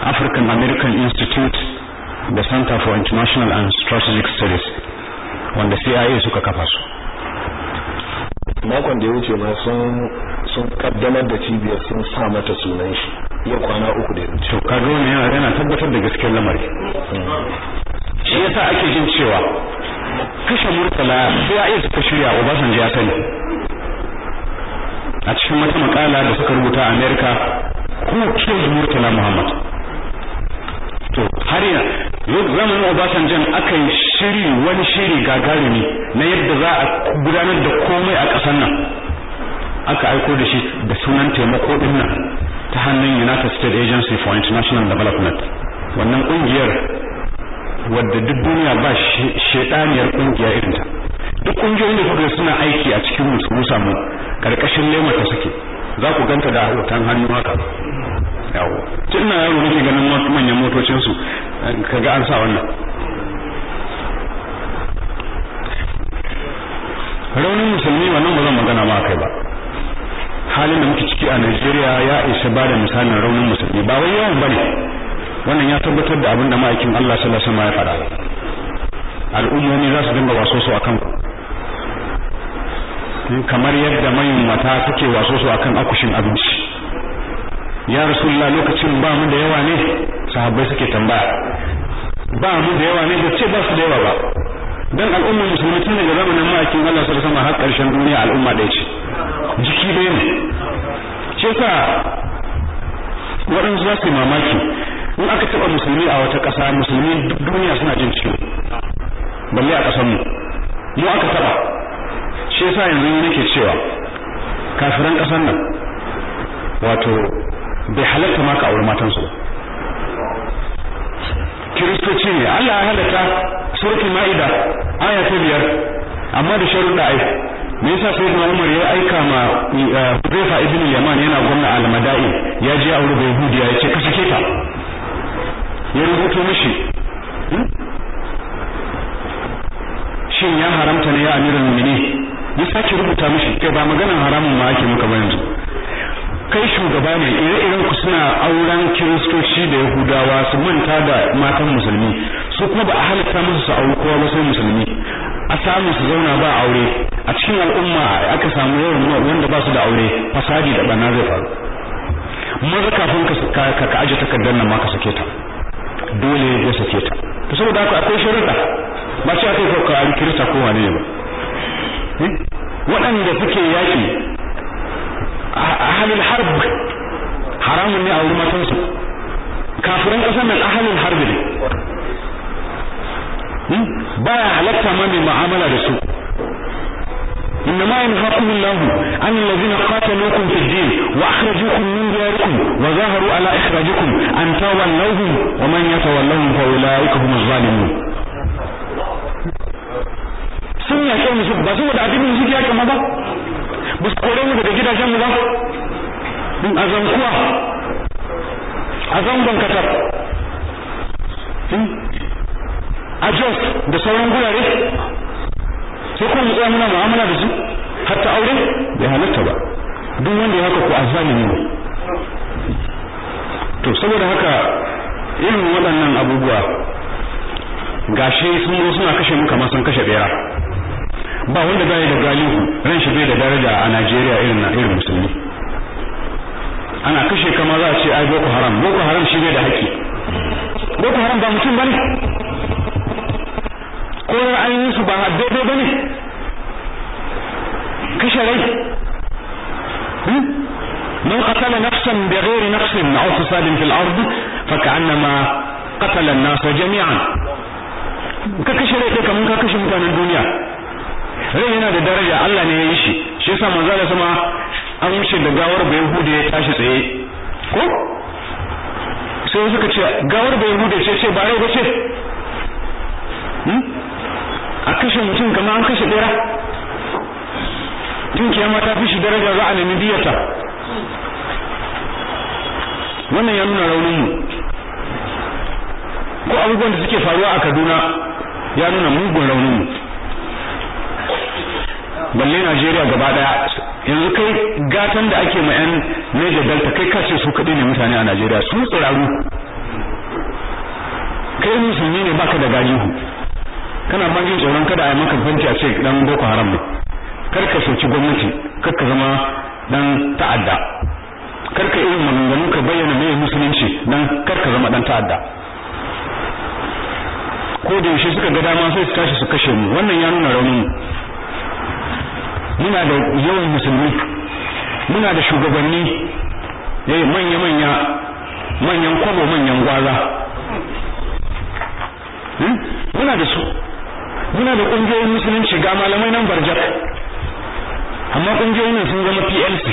Speaker 1: African American Institute da center for international and strategic studies wanda cia suka kafa su makon da ya wuce ma sun kaddamar da cibiyar sun sa mata sunan shi ya kwana uku da ya wuce to kaga yana tabbatar da gaskiyar lamari shi yasa ake jin cewa kashe murtala ya iya suka shirya obasanjo ya sani a cikin wata makala da suka rubuta a america who killed murtala muhammad to har yanzu zamanin obasanjan aka yi shiri wani shiri gagarumi na yadda za a gudanar da komai a ƙasar nan aka aiko da shi da sunan taimako dinnan ta hannun united states agency for international development wannan ƙungiyar wadda duk duniya ba shedaniyar ƙungiya irinta duk ƙungiyoyin da kuka suna aiki a cikin musu musa mu karkashin lema suke za ku ganta da hotan hannu haka yawo tun ina yaro nake ganin manyan motocin su kaga an sa wannan raunin musulmi wannan ba zan magana ma kai ba halin da muke ciki a Najeriya ya isa ba da misalin raunin musulmi ba wai yawan bane wannan ya tabbatar da abin da ma'aikin Allah sallallahu alaihi wasallam ya faɗa al'ummomi za su dinga waso su akan ku kamar yadda mata suke waso su akan akushin abinci ya rasulullah lokacin ba mu da yawa ne sahabbai suke tambaya ba mu da yawa ne ba ce ba su da yawa ba dan al'ummar musulmi tun daga zamanin ma'aikin Allah sallallahu alaihi wasallam har karshen duniya al'umma ɗaya ce jiki bai ne ce sa waɗansu za su yi mamaki in aka taɓa musulmi a wata ƙasa musulmi duk duniya suna jin ciwo balle a ƙasar mu mu aka taɓa shi sa yanzu nake cewa kafiran ƙasar nan wato bai halatta ma ka auri matansu ba kiristoci ne Allah ya halatta surukin maida aya ta biyar amma da sharuɗa ai me yasa sai na Umar ya aika ma eh, Hudayfa ibn Yaman yana gwamna al ya je aure bai Yahudiya ya ce ka ta ya rubuto mishi hmm? shin ya haramta ne ya amirul mini ya sake rubuta mishi kai ba maganan haramun ma ake muka ba yanzu kai shugaba ne ire-iren ku suna auren kiristoci da yahudawa su manta da matan musulmi su kuma ba a halitta musu su auri kowa ba sai musulmi a samu su zauna ba aure a cikin al'umma aka samu yawan wanda ba su da aure fasadi da bana zai faru maza kafin ka ka aje takardar nan ma ka sake ta dole ya sake ta to saboda haka akwai sharuɗa ba ce akai ka kirista ko wane ba eh? waɗanda suke yaƙi أهل الحرب حرام ne أو ما matansu كافرين ƙasar من أهل الحرب ne بايع لك ma معاملة رسول إنما ينهاكم الله عن الذين قاتلوكم في الدين وأخرجوكم من دياركم وظاهروا على إخراجكم أن تولوهم ومن يتولوهم فأولئك هم الظالمون
Speaker 2: sun yashe mu su ba su da addinin su ya kama ba ba su kore mu daga gidajen mu ba a azan kuwa azan ban katar
Speaker 1: a jos da sauran gurare sai kuma mu tsaya muna mu'amala da su hatta aure da halatta ba duk wanda ya haka ko azalimi ne to saboda haka irin waɗannan abubuwa gashi sun zo suna kashe mu kamar sun kashe bera ba wanda bai da galihu ran shi bai da daraja a Najeriya irin na irin musulmi ana kashe kamar za a ce ai boko haram boko haram shi bai da haƙƙi boko haram ba mutum bane ko an yi su ba daidai bane kashe rai من قتل نفسا بغير نفس أو فساد في الأرض فكأنما قتل الناس جميعا ككشري كيكا من ككشي متان الدنيا rai yana da daraja Allah ne ya yi shi shi yasa manzo Allah sama an wuce da gawar da hude ya tashi tsaye ko sai suka ce gawar da hude ce ce ba rai ba ce hmm? a kashe mutum kamar an kashe bera tun kiyama ta fi shi daraja za a nemi biyarta wannan ya nuna raunin mu ko abubuwan da suke faruwa a Kaduna ya nuna mugun raunin mu balle Najeriya gaba daya yanzu kai gatan da ake ma yan Niger Delta kai kace su kadai ne mutane a Najeriya su tsararu kai musulmi ne baka da galihu kana ban jin tsoron kada a yi maka fanti a ce dan Boko Haram ne kar ka soki gwamnati kar ka zama dan ta'adda kar ka irin maganganun ka bayyana mai musulunci dan kar ka zama dan ta'adda ko da yaushe suka ga dama sai su tashi su kashe mu wannan ya nuna rauni mu muna da yawan musulmi muna da shugabanni eh, manya manya manyan kwabo manyan gwaza hmm? muna da su muna da ƙungiyoyin musulunci ga malamai nan barjar amma ƙungiyoyin ne sun zama plc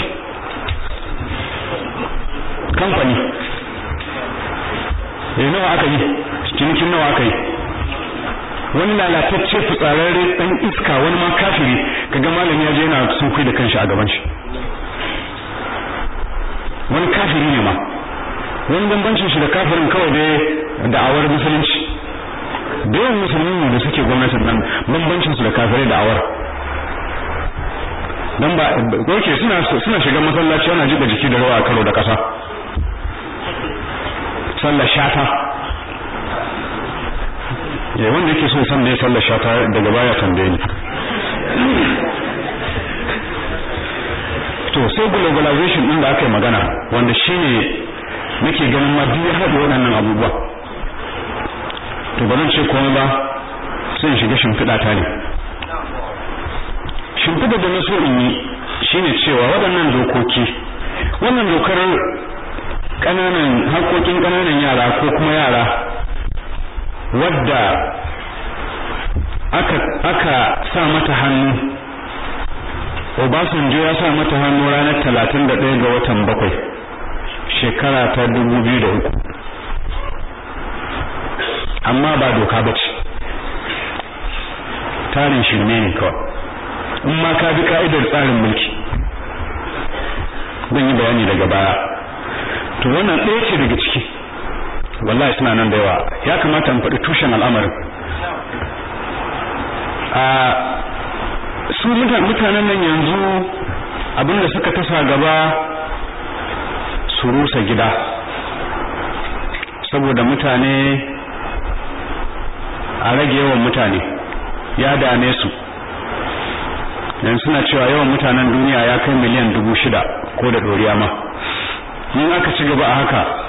Speaker 1: kamfani eh nawa aka yi cinikin nawa aka yi wani lalatacce fitsararren dan iska wani ma kafiri kaga malami ya je yana sunkuyi da kanshi a gaban shi wani kafiri ne ma wani bambancin shi da kafirin kawai da da'awar musulunci da yawan musulmi ne da suke gwamnatin nan bambancin su da kafirai da'awar dan ba goke suna suna shiga masallaci ana jiba jiki da rawa a karo da kasa sallar shata ya wanda yake so san me sallar shata daga baya tambaye ni to sai globalization din da aka yi magana wanda shi ne nake ganin ma duk haɗe waɗannan abubuwa to ba zan ce komai ba sai shiga shimfiɗa ta ne shimfiɗa da na so in yi shine cewa waɗannan dokoki wannan dokar ƙananan haƙoƙin ƙananan yara ko kuma yara wadda aka aka sa mata hannu Obasanjo ya sa mata hannu ranar talatin ɗaya ga watan bakwai shekara ta dubu biyu amma ba doka ba ce tarin shirme ne kawai in ma ka bi ka'idar tsarin mulki zan yi bayani daga baya to wannan ɗaya ce daga ciki wallahi suna nan da yawa ya kamata in faɗi tushen al'amarin a su mutanen nan yanzu abin da suka tasa gaba su rusa gida saboda mutane a rage yawan mutane ya dame su dan suna cewa yawan mutanen duniya ya kai miliyan dubu shida ko da doriya ma in aka ci gaba a haka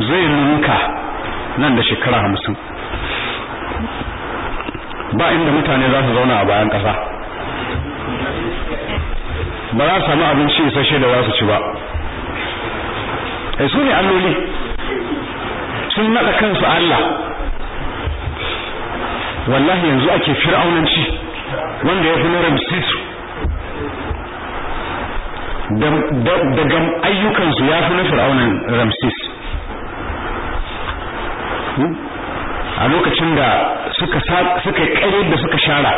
Speaker 1: zai ninka nan da shekara hamsin ba inda mutane za su zauna a bayan ƙasa ba za su samu abinci isasshe da za su ci ba eh, su ne alloli sun naɗa kansu Allah
Speaker 2: wallahi yanzu ake fir'aunanci wanda ya fi na ramsisu
Speaker 1: daga ayyukansu ya fi na fir'aunan ramsis Hmm? a lokacin da suka kare da suka shara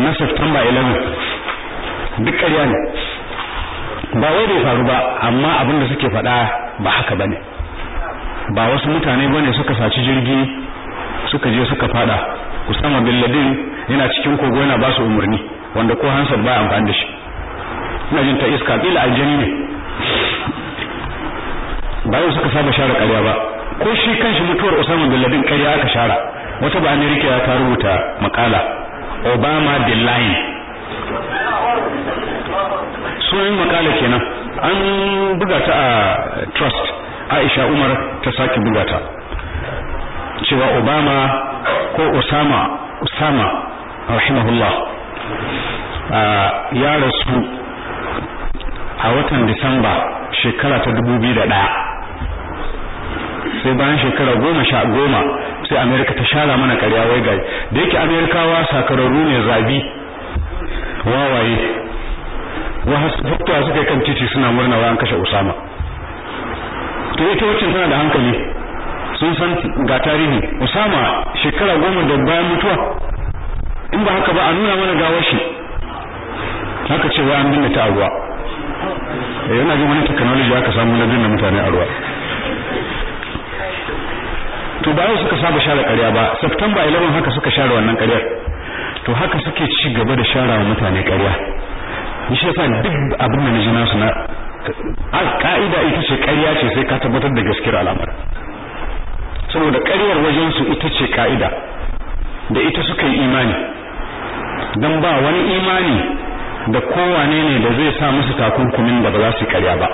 Speaker 1: na September 11 duk karya ne ba wai bai faru ba amma abin da suke faɗa ba haka bane ba wasu mutane bane suka saci jirgi suka je suka fada Usama bin Ladin yana cikin kogo yana ba su umarni wanda ko hansar ba amfani da shi ina jin ta iska aljani ne bayan suka saba share karya ba ko shi kanshi mutuwar Osama bin Laden ƙarya aka shara wata ba Amerika ta rubuta makala Obama the line sunan makala kenan an buga ta a trust Aisha Umar ta saki buga ta cewa Obama ko Osama Osama rahimahullah ya rasu a watan Disamba shekara ta 2001 sai bayan shekara goma sha goma sai amerika ta shara mana karya wai gari da yake amerikawa sakararru ne zabi wawaye wasu suka kan titi suna murna wa an kashe usama to ita wacin tana da hankali sun san ga tarihi usama shekara goma da bayan mutuwa in ba haka ba a nuna mana gawar shi haka ce wai an binne ta a ruwa yana eh, jin wani technology aka samu na binne mutane a ruwa to ba suka saba share ƙarya ba September 11 haka suka share wannan ƙaryar to haka suke ci gaba da share wa mutane ƙarya shi yasa duk abin da naji nasu na a ka'ida ita ce ƙarya ce sai ka tabbatar da gaskiyar al'amari saboda ƙaryar wajen su ita ce ka'ida da ita suka yi imani dan ba wani imani da kowane ne da zai sa musu takunkumin da ba za su yi ƙarya ba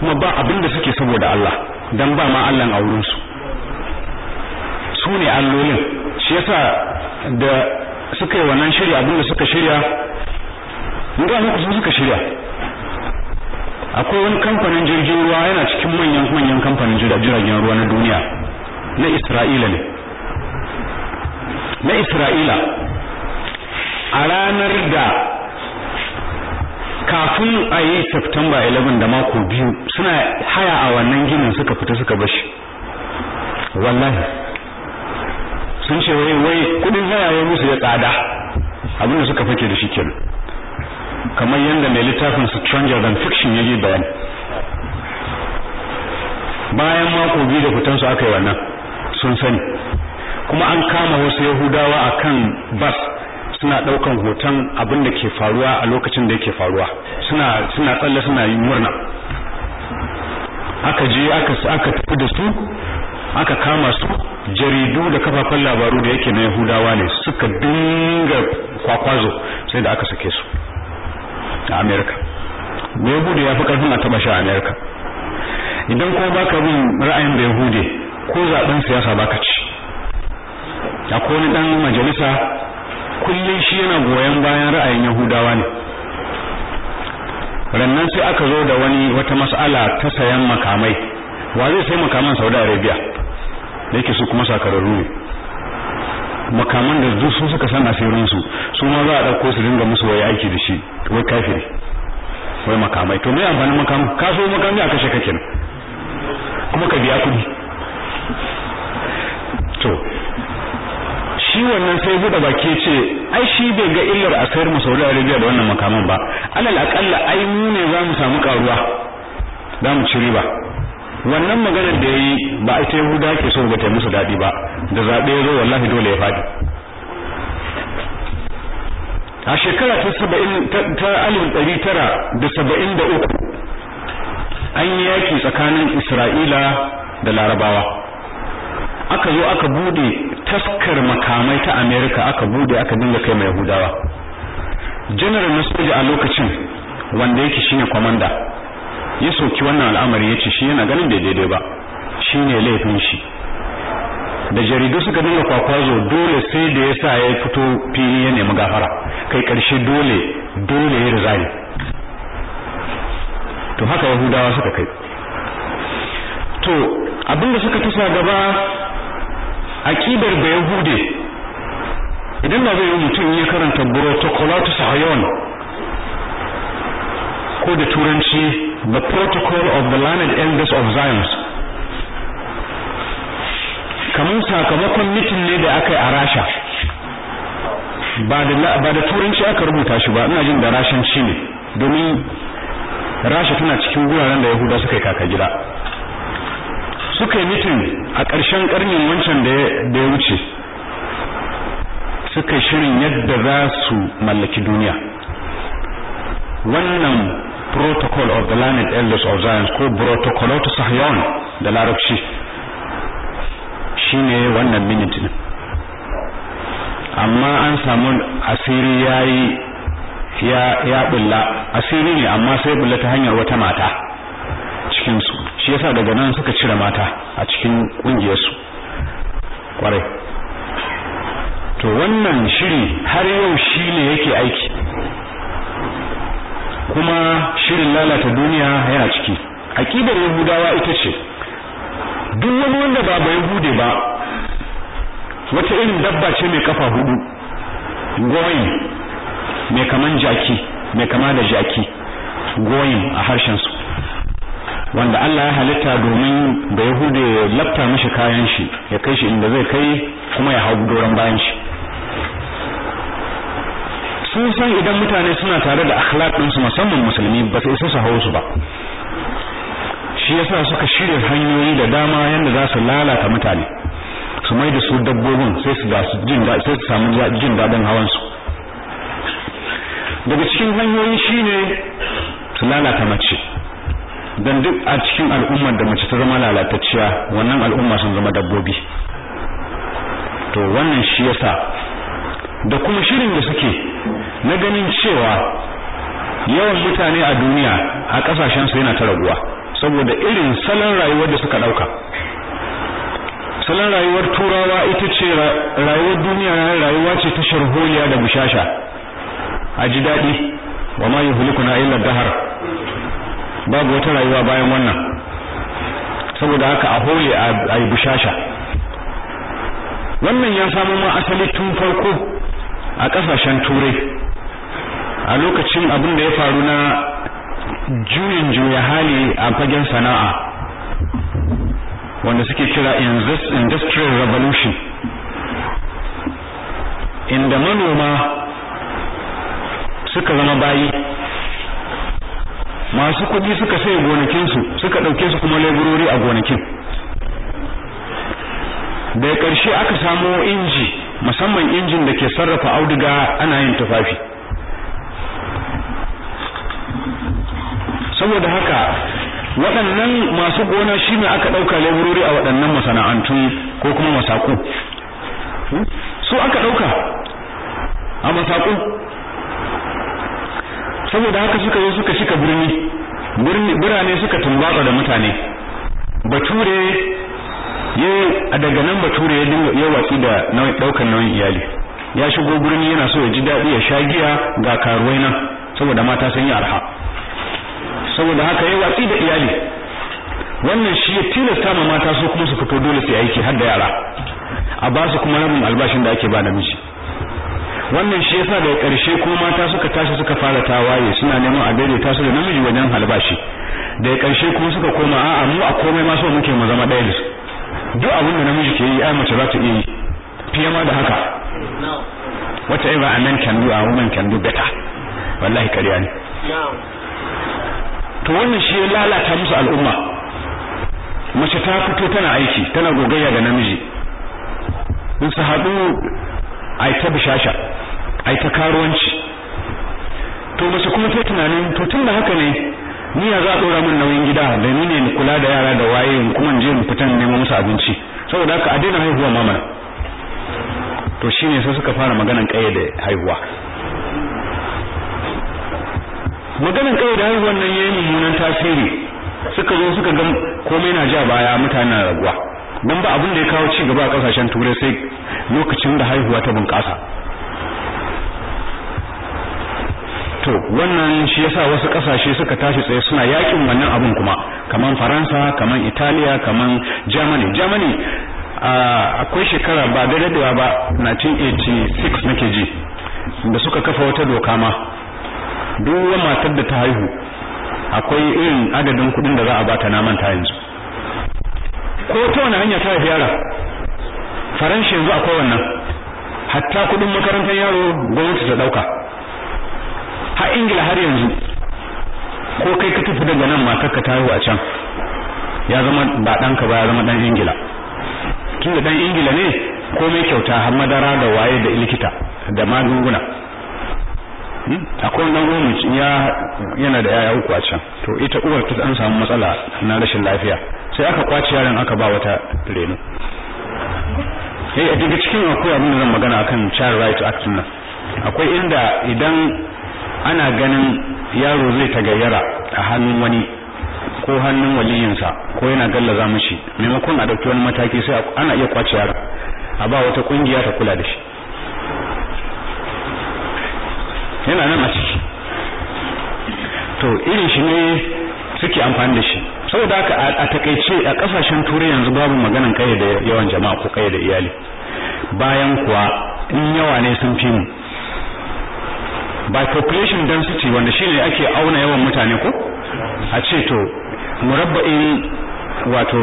Speaker 1: kuma ba abin da suke saboda Allah dan ba ma Allah a wurin su su ne allolin shi yasa da suka yi wannan shirya abinda suka shirya ga muku su suka shirya akwai wani kamfanin jirgin ruwa yana cikin manyan manyan kamfanin jiragen ruwa na duniya na Isra'ila ne na Isra'ila a ranar da kafin a yi September 11 da mako biyu suna haya a wannan ginin suka fita suka bashi wallahi sun ce wai wai kudin haya ya musu ya tsada abinda suka fake da shi kenan kamar yadda mai littafin Stranger than Fiction ya yi bayani bayan mako biyu da fitansu aka yi wannan sun sani kuma an kama wasu yahudawa akan bas suna ɗaukan hoton abin da ke faruwa a lokacin da yake faruwa suna suna tsalle suna yi murna aka je aka aka tafi da su aka kama su jaridu da kafafen labaru da yake na Yahudawa ne suka dinga kwakwazo sai da aka sake su a America me Yahudi ya fi karfin a taba shi a America idan ko baka bin ra'ayin da Yahudi ko zaben siyasa baka ci akwai wani dan majalisa kullum shi yana goyon bayan ra'ayin yahudawa ne rannan sai aka zo da wani wata mas'ala ta sayan makamai wa zai sai makaman saudi arabia da yake su kuma sakararru ne makaman da duk su suka san asirin su su ma za a ɗauko su dinga musu wai aiki da shi wai kafiri wai makamai to me amfanin makam ka so makami a kashe kenan kuma ka biya kuɗi to shi wannan sai buɗe baki ce ai shi bai ga illar a sayar mu Saudi Arabia da wannan makaman ba alal akalla ai mu ne za mu samu karuwa za mu ci riba wannan maganar da yayi ba ai ta Yahuda ke so ga ta musu dadi ba da zabe ya wallahi dole ya fadi a shekara ta 70 ta 1973 an yi yaki tsakanin Isra'ila da Larabawa aka zo aka bude taskar makamai ta Amerika aka bude aka dinga kai mai Yahudawa general na soja a lokacin wanda yake shine kwamanda ya soki wannan al'amari yace shi yana ganin da daidai ba shine laifin shi da jaridu suka dinga kwakwazo dole sai da yasa ya fito fili ya nemi gafara kai karshe dole dole ya rizali to haka yahudawa suka kai to abinda suka tusa gaba aqidar da yahude idan na zai mutum ya karanta protocolatus sahayon ko da turanci the protocol of the learned elders of Zion kamar sakamakon mitin ne da aka yi a Rasha ba da turanci aka rubuta shi ba ina jin da rashanci ne domin Rasha tana cikin guraren da Yahuda suka yi kaka gida suka yi mitin a ƙarshen ƙarnin wancan da ya wuce suka shirin yadda za su mallaki duniya wannan protocol of the land elders of Zion ko protocol ta Sahyon da larabci ne wannan minitin amma an samu asiri ya ya ya bulla asiri ne amma sai bulla ta hanyar wata mata cikinsu. shi yasa daga nan suka cire mata a cikin ƙungiyarsu kwarai to wannan shiri har yau shi ne yake aiki kuma shirin lalata duniya yana ciki aƙidar yahudawa ita ce duk wani wanda ba ba yahude ba wata irin dabba ce mai kafa hudu goyin mai kaman jaki mai kama da jaki goyin a harshen su wanda Allah ya halitta domin da Yahudu ya lafta mishi kayan shi ya kai shi inda zai kai kuma ya hau doron bayan shi sun san idan mutane suna tare da akhlaq su musamman musulmi ba sai su hau su ba shi yasa suka shirya hanyoyi da dama yadda za su lalata mutane su mai da su dabbobin sai su ga su jin sai su samu jin daɗin hawan su daga cikin hanyoyi shine su lalata mace dan duk a cikin al'ummar da mace ta zama lalatacciya wannan al'umma sun zama dabbobi to wannan shi yasa da kuma shirin da suke na ganin cewa yawan mutane a duniya a kasashen su yana ta raguwa saboda irin salon rayuwar da suka dauka salon rayuwar turawa ita ce rayuwar duniya na rayuwa ce ta sharholiya da bushasha a ji daɗi wa ma hulukuna illa dahar babu wata rayuwa bayan wannan saboda haka a hole a yi bushasha wannan ya samu ma asali tun farko a kasashen turai a lokacin abin da ya faru na juyin juya hali a fagen sana'a wanda suke kira industrial revolution inda manoma suka zama bayi masu kuɗi suka sai gonakinsu suka dauke su kuma laburori a gonakin da ƙarshe aka samo inji musamman injin da ke sarrafa auduga ana yin tufafi saboda haka waɗannan masu gona shi ne aka ɗauka laburori a waɗannan masana'antu ko kuma masaku su aka ɗauka a masaku saboda haka suka zo suka shika birni birane suka tumbatsa da mutane bature ya daga nan bature ya dinga ya watsi da daukan nauyin iyali ya shigo birni yana so ya ji daɗi ya sha giya ga karuwai nan saboda mata sun yi arha saboda haka ya watsi da iyali wannan shi ya tilasta ma mata su kuma su fito dole su aiki har da yara a ba su kuma rabin albashin da ake ba da miji wannan shi yasa daga ƙarshe ko mata suka tashi suka fara tawaye suna neman a ta su da namiji wajen halbashi daga ƙarshe kuma suka koma a'a mu a komai ma so muke mu zama ɗaya da su duk abin da namiji ke yi ai mace za ta iya yi fiye ma da haka Wata ba a nan can a woman can do wallahi ƙarya ne to wannan shi ya lalata musu al'umma mace ta fito tana aiki tana gogayya da namiji in su haɗu ai ta bishasha ai ta karuwanci to musu kuma sai tunanin to tun da haka ne ni ya za a dora min nauyin gida da ni ne kula da yara da waye kuma in je in fitan neman musu abinci saboda haka a daina haihuwa mama to shine sai suka fara maganan kai da haihuwa maganan kai da haihuwan nan yayin mummunan tasiri suka zo suka ga komai na ja baya mutanen raguwa don ba abin da ya kawo cigaba a kasashen turai sai lokacin da haihuwa ta bunƙasa to wannan shi yasa wasu kasashe suka tashi tsaye suna yakin wannan abin kuma kaman faransa kaman italiya kaman germany germany akwai shekara ba da daɗewa ba 1986 nake ji da suka kafa wata doka ma duk matar da ta haihu akwai irin adadin kuɗin da za a bata naman ta yanzu ko ta wani hanya ta yara faranshi yanzu akwai wannan hatta kudin makarantar yaro gwamnati ta dauka ha ingila har yanzu ko kai ka tafi daga nan matar ka tayo a can ya zama ba ka ba ya zama ɗan ingila tunda dan ingila ne komai kyauta har madara da waye da likita da magunguna hmm? akwai wannan gwamnati ya yana da yaya uku a can to ita uwar ta an samu matsala na rashin lafiya sai aka kwace yaron aka ba wata reno sai eh, daga cikin akwai abin da zan magana akan child right act nan akwai inda idan ana ganin yaro zai ta gayyara a hannun wani ko hannun waliyinsa ko yana gallaza mashi maimakon a dauki wani mataki sai ana iya kwace yaron a ba wata kungiya ta kula da shi yana nan a ciki to irin shi ne suke amfani da shi saboda haka a takaice a kasashen turai yanzu babu maganan kai da yawan jama'a ko kai da iyali bayan kuwa in yawa ne sun fi mu by population density wanda shine ake auna yawan mutane ko a ce to murabba'in wato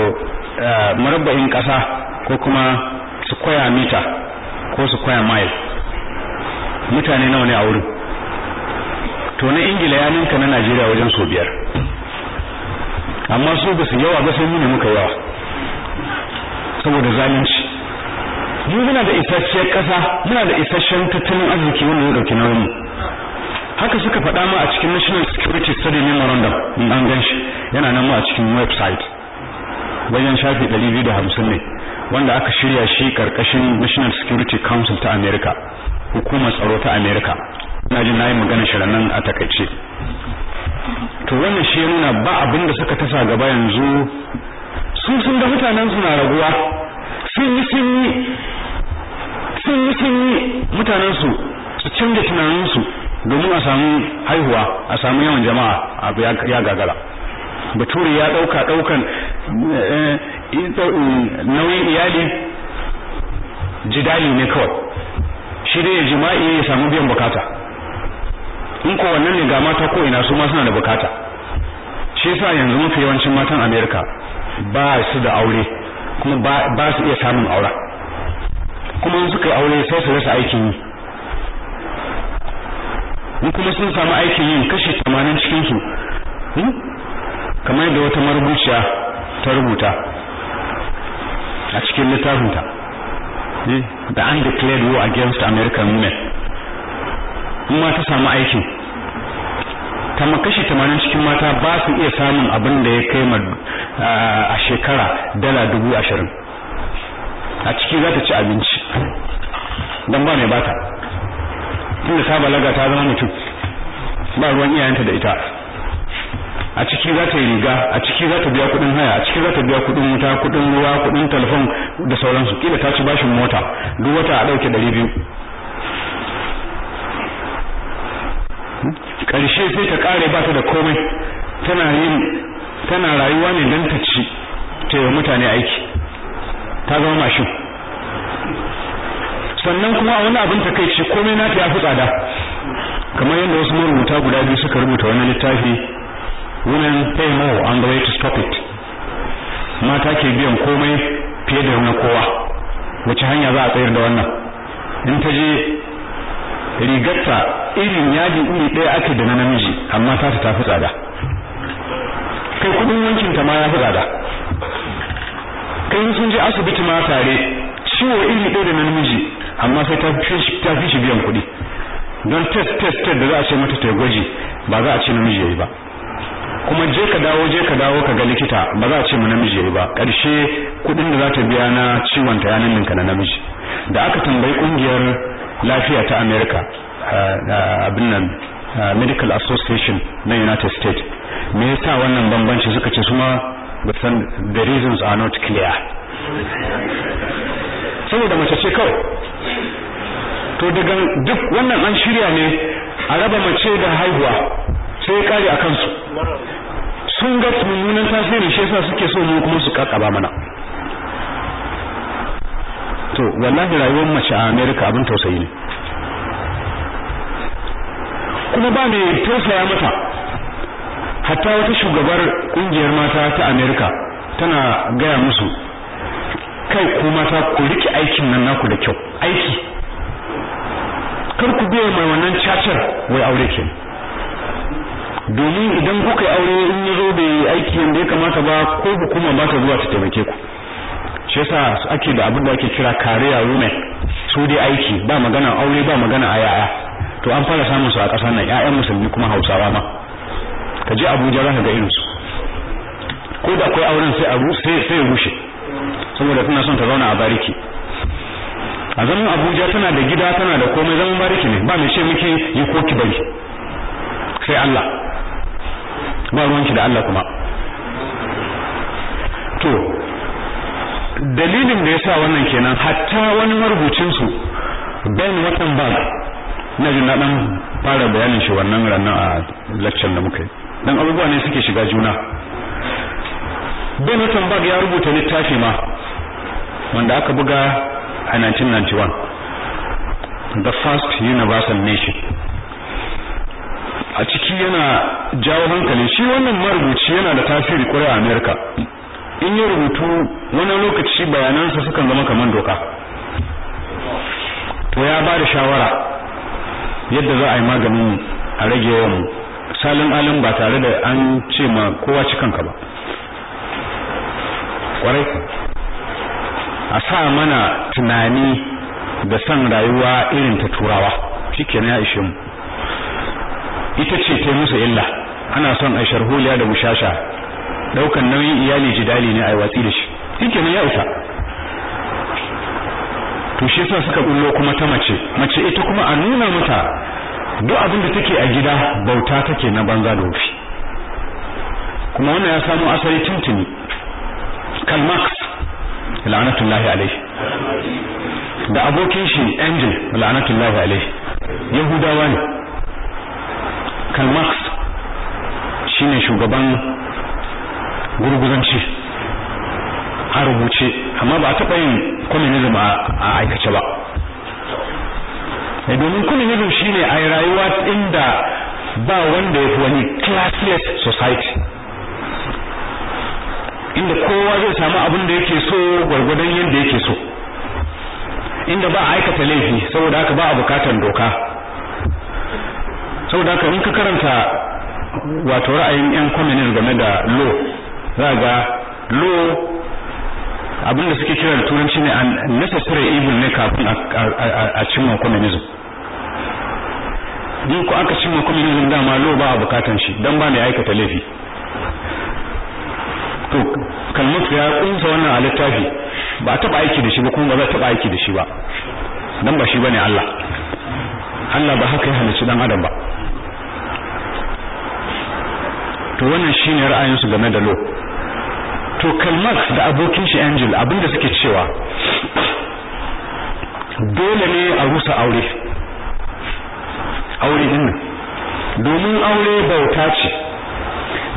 Speaker 1: eh, murabba'in kasa ko kuma square meter ko square mile mutane nawa ne a wurin to na ingila ya ninka na najeriya wajen so biyar amma su ba su yawa ba sai mu ne muka yawa saboda zalunci mu muna da isasshen kasa muna da isasshen tattalin arziki wanda ya dauki nauyin haka suka faɗa ma a cikin National Security Study Memorandum in an ganshi yana nan mu a cikin website wajen shafi 250 ne wanda aka shirya shi karkashin National Security Council ta America hukumar tsaro ta America ina jin nayi magana shirannan a takaice to wannan shi ya nuna ba abin da suka tasa gaba yanzu sun sun da mutanen suna raguwa sun yi sun yi sun yi sun yi mutanen su canza tunaninsu. su domin a samu haihuwa a samu yawan jama'a abu ya gagara bature ya dauka daukan eh, eh, nauyin iyali jidali ne kawai shi dai jima'i ya samu biyan bukata in ko wannan ne ga mata ko ina su ma suna da bukata shi yasa yanzu mafi yawancin matan America ba su da aure kuma ba su iya samun aura kuma in suka aure sai su rasa aikin yi in kuma sun samu aikin yin kashi 80 cikin su hmm? kamar da wata marubuciya ta rubuta a cikin littafinta da hmm? undeclared war against American women ma ta samu aikin kama kashi tamanin cikin mata ba su iya samun abin da ya kai ma a shekara dala dubu ashirin a ciki za ta ci abinci don ba mai bata inda ta balaga ta zama mutum ba ruwan iyayenta da ita a ciki za ta yi riga a ciki za ta biya kudin haya a ciki za ta biya kudin wuta kudin ruwa kudin telefon da sauransu kila ta ci bashin mota duk wata a dauke ɗari biyu ƙarshe sai ta ƙare ba ta da komai tana yin tana rayuwa ne don ta ci ta yi mutane aiki ta zama mashin sannan kuma a wani abin ta takaici komai na ta ya fi tsada kamar yadda wasu marubuta guda biyu suka rubuta wani littafi women pay more on the way to stop it mata ke biyan komai fiye da na kowa wace hanya za a tsayar da wannan in ta je rigarta irin yaji iri ɗaya ake da na namiji amma ta ta fi tsada kai kudin wankin ta ma ya fi tsada kai sun je asibiti ma tare ciwo iri ɗaya da na namiji amma sai ta fi shi biyan kuɗi don test test test da za a ce mata ta gwaji ba za a ce namiji yayi ba kuma je ka dawo je ka dawo ka ga likita ba za a ce mu namiji yayi ba karshe kudin da za ta biya na ciwon ta yanin ninka na namiji da aka tambayi kungiyar lafiya ta America Uh, abin nan uh, medical association na united states me yasa wannan bambanci suka ce su ma the reasons are not clear saboda mace ce kawai to daga duk wannan an shirya ne a raba mace da haihuwa sai kare a kansu sun ga mummunan tasirin shi yasa suke so mu kuma su kakaba mana to wallahi rayuwar mace a Amerika abin tausayi ne kuma ba mai tausaya masa hatta wata shugabar ƙungiyar mata ta Amerika tana gaya musu kai ku mata ku rike aikin nan naku da kyau aiki kar ku biya mai wannan cacar wai aure ke domin idan kuka yi aure in ya zo bai aiki yadda ya kamata ba ko hukuma ba ta zuwa ta taimake ku shi yasa ake da abin da ake kira kariya women su dai aiki ba magana aure ba magana a yaya to an fara samun su a ƙasar nan ƴaƴan musulmi kuma Hausawa ma ka je Abuja za ga irin su ko da akwai auren sai a sai sai rushe saboda tana son ta zauna a bariki a zaman Abuja tana da gida tana da komai zaman bariki ne ba mai ce muke yi ko ki bari sai Allah ba ruwanki da Allah kuma to dalilin da ya sa wannan kenan hatta wani marubucin su Ben Wattenberg na jin na fara bayanin shi wannan ranar a lecture da muka yi dan abubuwa ne suke shiga juna Ben Wittenberg ya rubuta littafi ma wanda aka buga a 1991 The First Universal Nation a ciki yana jawo hankali shi wannan marubuci yana da tasiri kwarai a America in yi rubutu wani lokaci bayanansa sukan zama kamar doka to ya ba da shawara yadda za a yi maganin a rage yawan salin alin ba tare da an ce ma kowa cikanka ba kwarai a sa mana tunani da san rayuwa irin ta turawa shikenan ya ishe mu ita ce ta musu illa ana son a sharholiya da mushasha daukan nauyin iyali jidali ne a watsi da shi shikenan ya isa to shi yasa suka bullo kuma ta mace mace ita kuma a nuna mata duk abin da take a gida bauta take na banza da wufi kuma wannan ya samu asali tuntuni Karl Marx la'anatullahi alaihi da abokin shi Angel la'anatullahi alaihi Yahudawa ne Karl Marx shine shugaban gurguzanci a rubuce amma ba a taɓa yin communism a aikace ba eh, domin communism shine a rayuwa inda ba wanda ya fi wani classless society inda kowa zai samu abin da yake so gwargwadon yadda yake so inda ba a aikata laifi saboda haka ba a bukatar doka saboda haka in ka karanta wato ra'ayin yan communism game da law za ga law abinda da suke kira da turanci ne an necessary evil ne kafin a cimma communism din ku aka cimma communism dama lo ba a bukatan shi dan ba mai aikata laifi to kalmus ya kunsa wannan a littafi ba a taba aiki da shi ba kuma ba za taba aiki da shi ba dan ba shi bane Allah Allah ba haka ya halici dan adam ba to wannan shine ra'ayin su game da lo to kalmar da abokin shi angel abinda suke cewa dole ne a rusa aure aure din domin aure bauta ce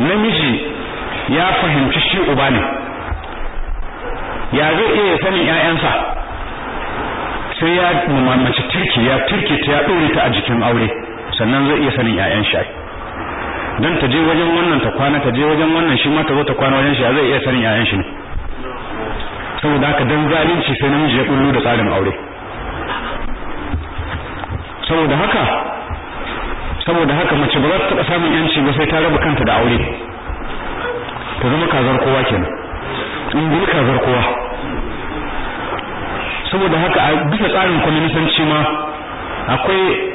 Speaker 1: namiji ya fahimci shi uba ne ya zai iya sanin ƴaƴansa sai ya mamaci turki ya turki ta ya ɗore ta a jikin aure sannan zai iya sanin ƴaƴan shi dan ta je wajen wannan ta kwana ta je wajen wannan shi ma ta zo ta kwana wajen shi zai iya sanin yayan shi ne saboda haka dan zalunci sai namiji ya kullu da tsarin aure saboda haka saboda haka mace ba za ta taɓa samun yanci ba sai ta raba kanta da aure ta zama kazar kowa kenan in gudu kazar kowa saboda haka a bisa tsarin kwaminisanci ma akwai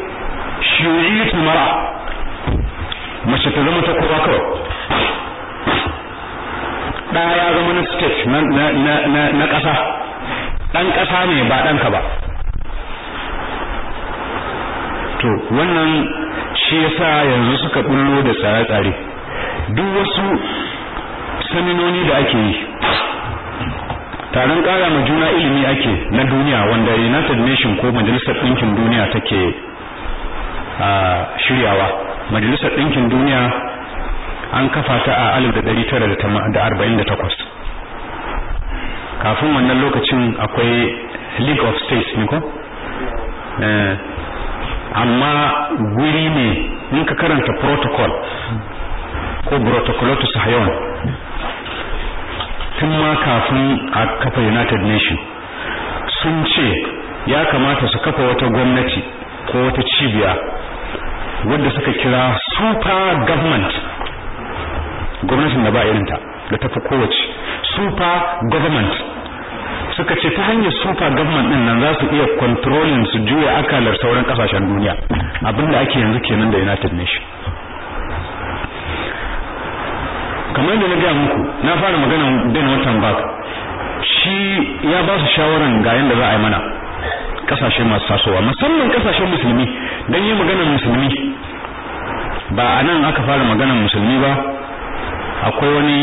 Speaker 1: shiyu'iyyatu mara mace ta zama ta kowa kawai ɗa ya zama na state na ƙasa ɗan ƙasa ne ba ɗanka ba to wannan shi yasa yanzu suka bullo da tsare-tsare duk wasu saminoni da ake yi taron ƙara ma juna ilimi ake na duniya wanda United Nation ko Majalisar Ɗinkin Duniya take ah, shiryawa majalisar ɗinkin duniya an kafa ta a 1948 kafin wannan lokacin akwai league of states ne ko eh, amma guri ne in ka karanta protocol ko protocolatus hayon tun ma kafin a kafa united nation sun ce ya kamata su kafa wata gwamnati ko wata cibiya wanda suka kira super government gwamnatin da ba ta da tafi kowace super government suka ce ta hanyar super government din nan za su iya controlling su juya akalar sauran kasashen duniya abinda ake yanzu kenan da United Nation. kamar da na gaya muku na fara magana bin watan bak shi ya ba su shawaran ga yanda za a yi mana kasashe masu tasowa musamman kasashen musulmi dan yi maganar musulmi ba a nan aka fara maganar musulmi ba akwai wani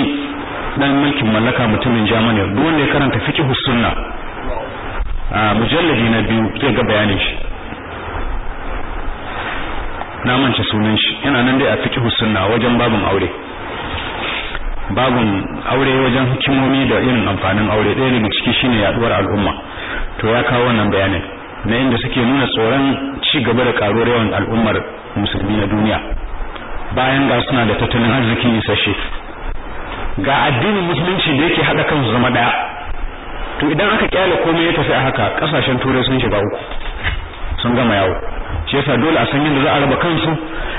Speaker 1: dan mulkin mallaka mutumin Germany duk wanda ya karanta fiqh sunna a mujalladi na biyu zai ga bayanin shi na manta sunan shi yana nan dai a fiqh sunna wajen babun aure babun aure wajen hikimomi da irin amfanin aure ɗaya daga ciki shine yaduwar al'umma to ya kawo wannan bayanin na inda suke nuna tsoron ci gaba da karuwar yawan al'ummar musulmi na duniya bayan ga suna da tattalin arziki isasshe ga addinin musulunci da yake haɗa kansu zama ɗaya to idan aka kyale komai ya tafi a haka ƙasashen turai sun shiga uku sun gama yawo shi yasa dole a san yadda za a raba kansu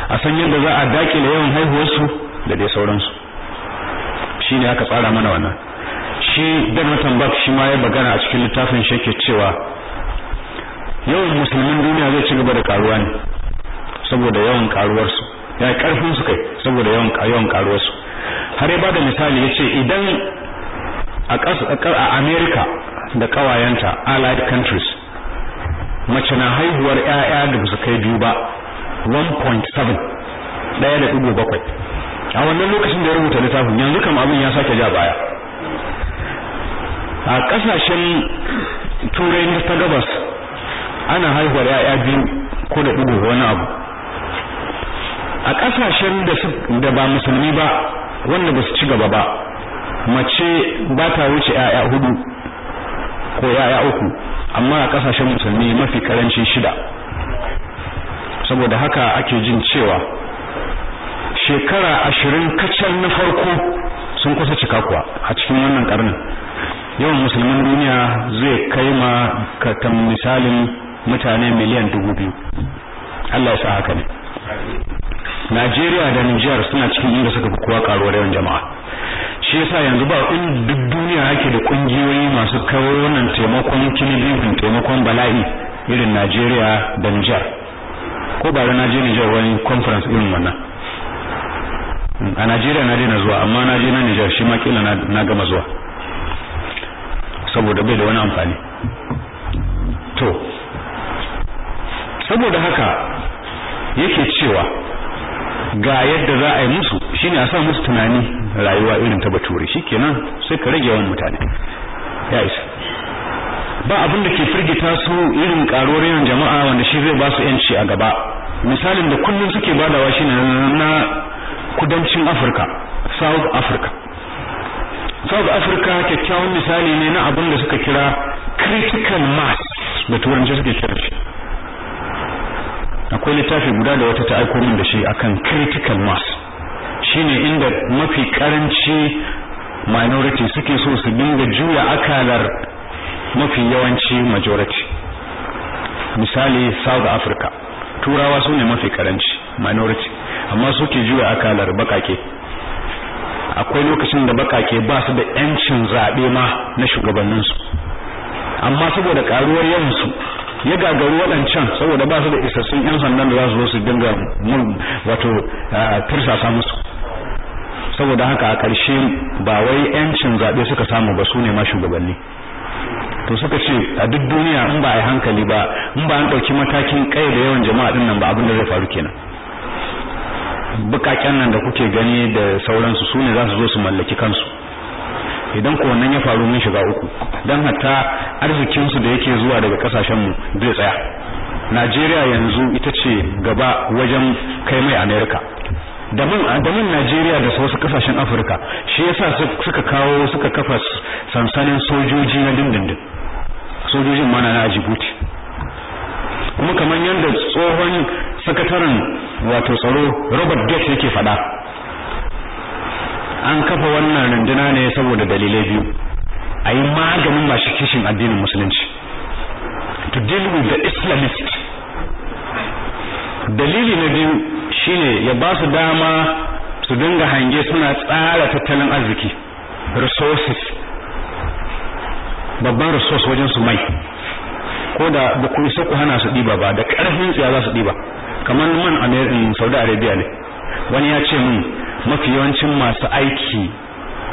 Speaker 1: a san yadda za a dakile yawan haihuwarsu da dai sauransu shi ne aka tsara mana wannan shi Jonathan Buck shi ma ya bagana a cikin littafin shi yake cewa yawan musulmin duniya zai ci gaba da karuwa ne saboda yawan karuwar ya karfin su kai saboda yawan yawan karuwar har ya bada misali yace idan a kasar a America da kawayenta allied countries mace na haihuwar 'ya'ya da su kai biyu ba 1.7 ɗaya da dubu bakwai a wannan lokacin da ya rubuta littafin yanzu kam abin ya sake ja baya a kasashen turai ta gabas ana haihuwar ya'ya biyu ko da ɗigo wani abu a ƙasashen da ba musulmi ba wanda ba su ci gaba ba mace ba ta wuce ya'ya hudu ko ya'ya uku amma a ƙasashen musulmi mafi karanci shida saboda haka ake jin cewa shekara ashirin kacal na farko sun kusa cika kuwa a cikin wannan karnin yawan musulmin duniya zai kai ma ka misalin mutane miliyan dubu biyu Allah ya sa haka ne Najeriya da Nijar suna cikin inda suka fi kowa karuwar yawan jama'a shi yasa yanzu ba in duk duniya ake da kungiyoyi masu kawo wannan taimakon kinibin taimakon bala'i irin Najeriya da Nijar ko ba da je Nijar wani conference irin wannan a Najeriya na daina zuwa amma na je na Nijar shi ma kila na gama zuwa saboda bai da wani amfani to saboda haka yake cewa ga yadda za a yi musu shi ne a sa musu tunani rayuwa irin ta bature kenan sai ka rage yawan mutane ya isa ba abin da ke firgita su irin karuwar yawan jama'a wanda shi zai ba su yanci a gaba misalin da kullum suke badawa ne na kudancin Afirka South Africa South Africa kyakkyawan misali ne na abin da suka kira critical mass da turanci suke kira shi akwai littafi guda da wata ta aiko min da shi akan critical mass shine inda mafi karanci minority suke so su dinga juya akalar mafi yawanci majority misali South Africa turawa su ne mafi karanci minority amma suke juya akalar bakake akwai lokacin da bakake ba su da yancin zaɓe ma na shugabanninsu amma saboda karuwar yawansu ya gagaru waɗancan saboda ba su da isassun yan sandan da za su zo su dinga mun wato tirsasa musu saboda haka a ƙarshe ba wai yancin zaɓe suka samu ba su ne ma shugabanni to suka ce a duk duniya in ba a yi hankali ba in ba an ɗauki matakin kai da yawan jama'a ɗin nan ba abin da zai faru kenan bukaken nan da kuke gani da sauransu su ne za su zo su mallaki kansu idan ko wannan ya faru mun shiga uku dan hatta arzikin su da yake zuwa daga kasashen mu zai tsaya Najeriya yanzu ita ce gaba wajen kai mai America da mun Najeriya da wasu kasashen Afirka shi yasa suka kawo suka kafa sansanin sojoji na dindindin sojojin ma na Djibouti kuma kamar yadda tsohon sakataren wato tsaro Robert Gates yake faɗa an kafa wannan runduna ne saboda dalilai biyu a yi maganin masu kishin addinin musulunci to deal with the islamist dalili na biyu shine ya ba su dama su dinga hange suna tsara tattalin arziki resources babban resource wajen su mai ko da ba ku isa ku hana su ɗiba ba da ƙarfin tsaya za su ɗiba kamar man a saudi arabia ne wani ya ce min mafi yawancin masu aiki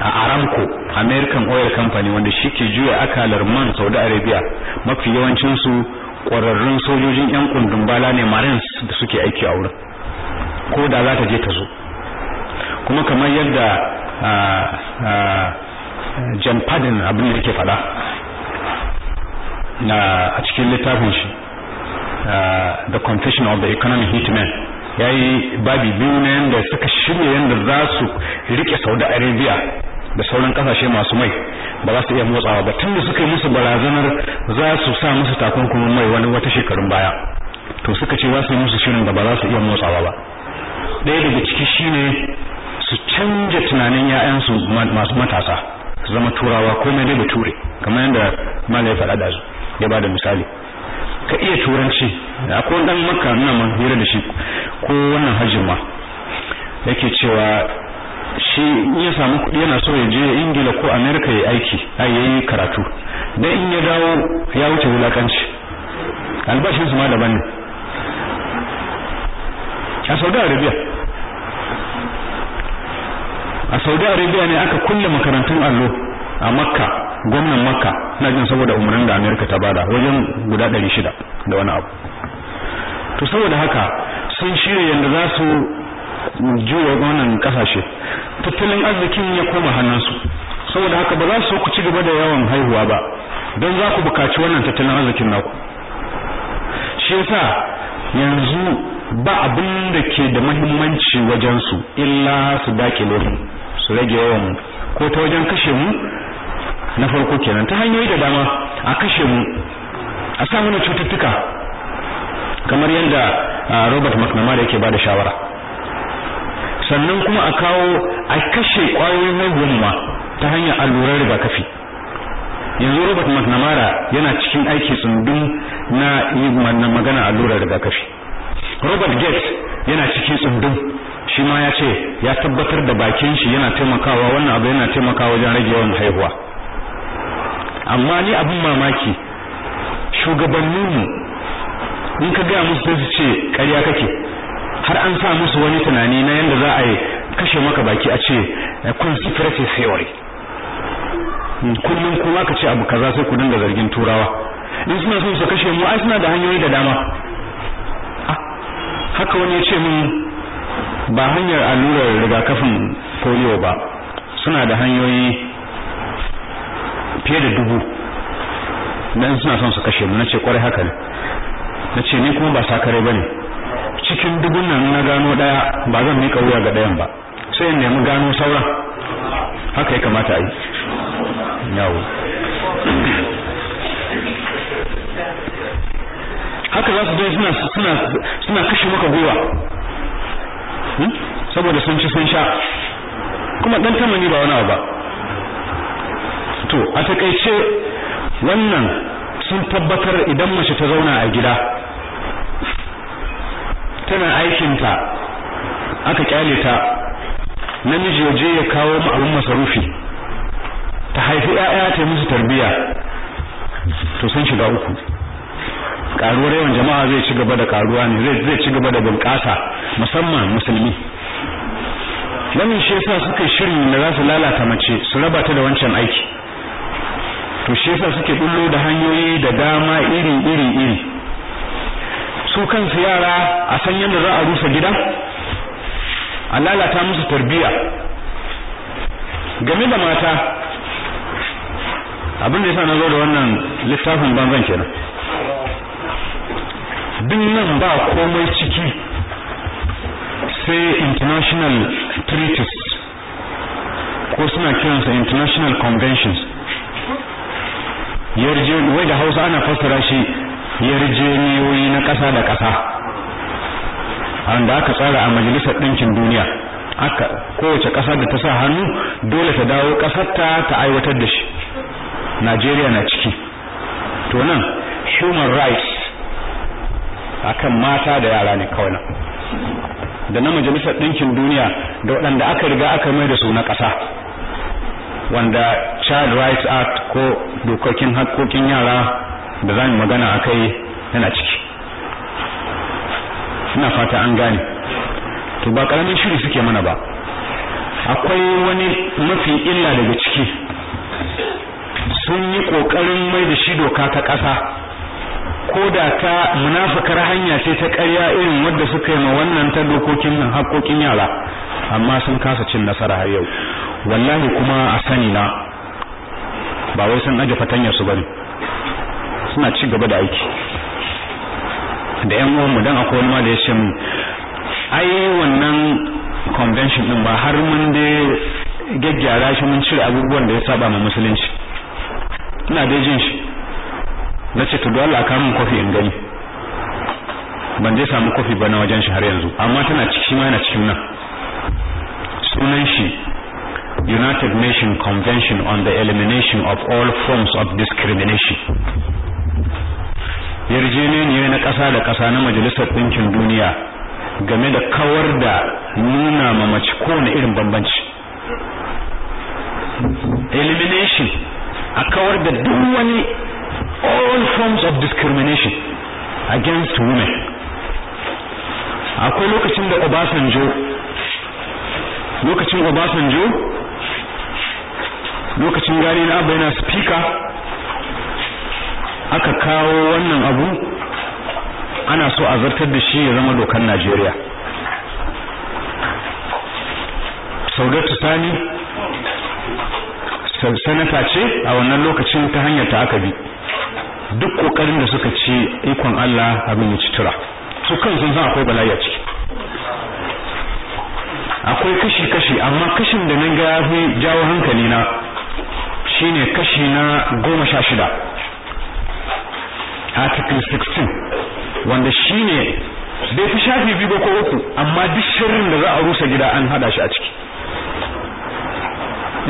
Speaker 1: a Aramco American Oil Company wanda shi ke juya akalar man Saudi Arabia mafi yawancin su ƙwararrun sojojin yan kundin bala ne Marines da suke aiki a wurin ko da za ta je ta zo kuma kamar yadda Jan Padden abin da yake faɗa a cikin littafin shi the confession of the economic hitman ya yi babi biyu na yadda suka shirya yadda za su rike saudi arabia da sauran kasashe masu mai ba za su iya motsawa ba tun da suka yi musu barazanar za su sa musu takunkumin mai wani wata shekarun baya to suka ce za su yi musu shirin da ba za su iya motsawa ba ɗaya daga ciki shine su canja tunanin 'ya'yansu masu matasa su zama turawa ko komai dai ture kamar yadda ya faɗa da su ya ba da misali ka iya turanci akwai dan makka na man hira da shi ko wannan hajjin ma yake cewa shi ya samu kuɗi yana so ya je ingila ko amerika ya aiki yayi karatu dan in ya dawo ya wuce wulakanci albashin su ma daban ne a saudi arabia a saudi arabia ne aka kulle makarantun allo a makka gwamnan makka na jin saboda umarnin da amerika ta bada wajen guda ɗari shida da wani abu to saboda haka sun shirya yadda za su juwa wannan kasashe tattalin arzikin ya koma hannunsu saboda haka ba za su ku ci gaba da yawan haihuwa ba don za ku bukaci wannan tattalin arzikin naku shi yasa yanzu ba abin da ke da muhimmanci wajensu illa su dakile lori su rage yawan mu ko ta wajen kashe mu na farko kenan ta hanyoyi da dama a kashe mu a sa mana cututtuka kamar yadda ah, Robert McNamara yake bada shawara sannan kuma a kawo a kashe kwayoyin haihuwar ma ta hanyar allurar rigakafi yanzu Robert McNamara yana cikin aiki tsundun na yi magana allurar rigakafi Robert Gates yana cikin tsundun shi ma ya ce ya tabbatar da bakin shi yana taimakawa wannan abu yana taimakawa wajen rage yawan haihuwa amma ni abin mamaki shugabanninmu in ka gaya musu sai su ce ƙarya kake har an sa musu wani tunani na yadda za a yi kashe maka baki a ce conspiracy eh, theory kullum kuma ka ce abu kaza sai ku dinga zargin turawa in suna so su kashe mu ai suna da hanyoyi da dama haka wani ya ce min ba hanyar allurar rigakafin polio ba suna da hanyoyi fiye da dubu nan suna son su kashe mu nace kwarai haka ne nace ni kuma ba sakare bane cikin dubun nan na gano daya ba zan mika wuya ga dayan ba sai in nemi gano sauran haka ya kamata a yi yawo haka za su je suna kashe maka gwiwa hmm? saboda sun ci sun sha kuma dan tamani ba wani abu ba to a takaice wannan sun tabbatar idan mace ta zauna a gida tana aikinta aka kyale ta namiji ya ya kawo mu abin masarufi ta haifi 'ya'ya ta yi musu tarbiya to sun shiga uku karuwar yawan jama'a zai ci gaba da karuwa ne zai zai ci gaba da bunƙasa musamman musulmi wannan shi yasa suka shirin da za su lalata mace su rabata da wancan aiki to shi yasa suke bullo da hanyoyi da dama iri iri iri su kansu yara a san yadda za a rusa gida a lalata musu tarbiya game da mata abin da yasa na zo da wannan littafin banzan kenan duk nan ba komai ciki sai international treaties ko suna kiransa international conventions yarjejeniyoyi wai da hausa ana fassara shi yarjejeniyoyi na ƙasa da ƙasa wanda aka tsara a majalisar ɗinkin duniya aka kowace ƙasa da ta sa hannu dole ta dawo ƙasarta ta aiwatar da shi Najeriya na ciki to nan human rights akan mata da yara ne kawai nan da na majalisar ɗinkin duniya da waɗanda aka riga aka mai da su na ƙasa wanda child rights act ko dokokin hakkokin yara da za magana a kai yana ciki ina fata an gane to ba karamin shiri suke mana ba akwai wani mafi illa daga ciki sun yi kokarin mai da shi doka ta ƙasa ko da ta munafukar hanya ce ta ƙarya irin wadda suka yi ma wannan ta dokokin nan haƙoƙin yara amma sun kasa cin nasara har yau wallahi kuma a sani na ba wai sun aje fatanya su bane suna ci gaba da aiki da yan uwan mu dan akwai wani ma da ya ce mu ai wannan convention din ba har mun da gaggyara shi mun cire abubuwan da ya saba ma musulunci ina dai jin shi na ce to Allah ka mun kofi in gani ban je samu kofi ba na wajen shi har yanzu amma tana ciki ma yana cikin nan sunan shi United Nations Convention on the Elimination of All Forms of Discrimination. Yarjejeniya na ƙasa da ƙasa na Majalisar Ɗinkin Duniya game da kawar da nuna mamaci kowane irin bambanci. Elimination a kawar da duk wani all forms of discrimination against women. Akwai lokacin da Obasanjo lokacin Obasanjo lokacin gani na abu yana speaker aka kawo wannan abu ana so a zartar da shi ya zama dokar Najeriya Saudatu Sani sanata ce a wannan lokacin ta hanyar ta aka bi duk kokarin da suka ce ikon Allah abin ya ci su kan sun san akwai bala'i a ciki akwai kashi kashi amma kashin da nan ga jawo hankali na shine kashi na goma sha shida article 16 wanda shine bai fi shafi biyu ko uku amma duk shirin da za a rusa gida an hada shi a ciki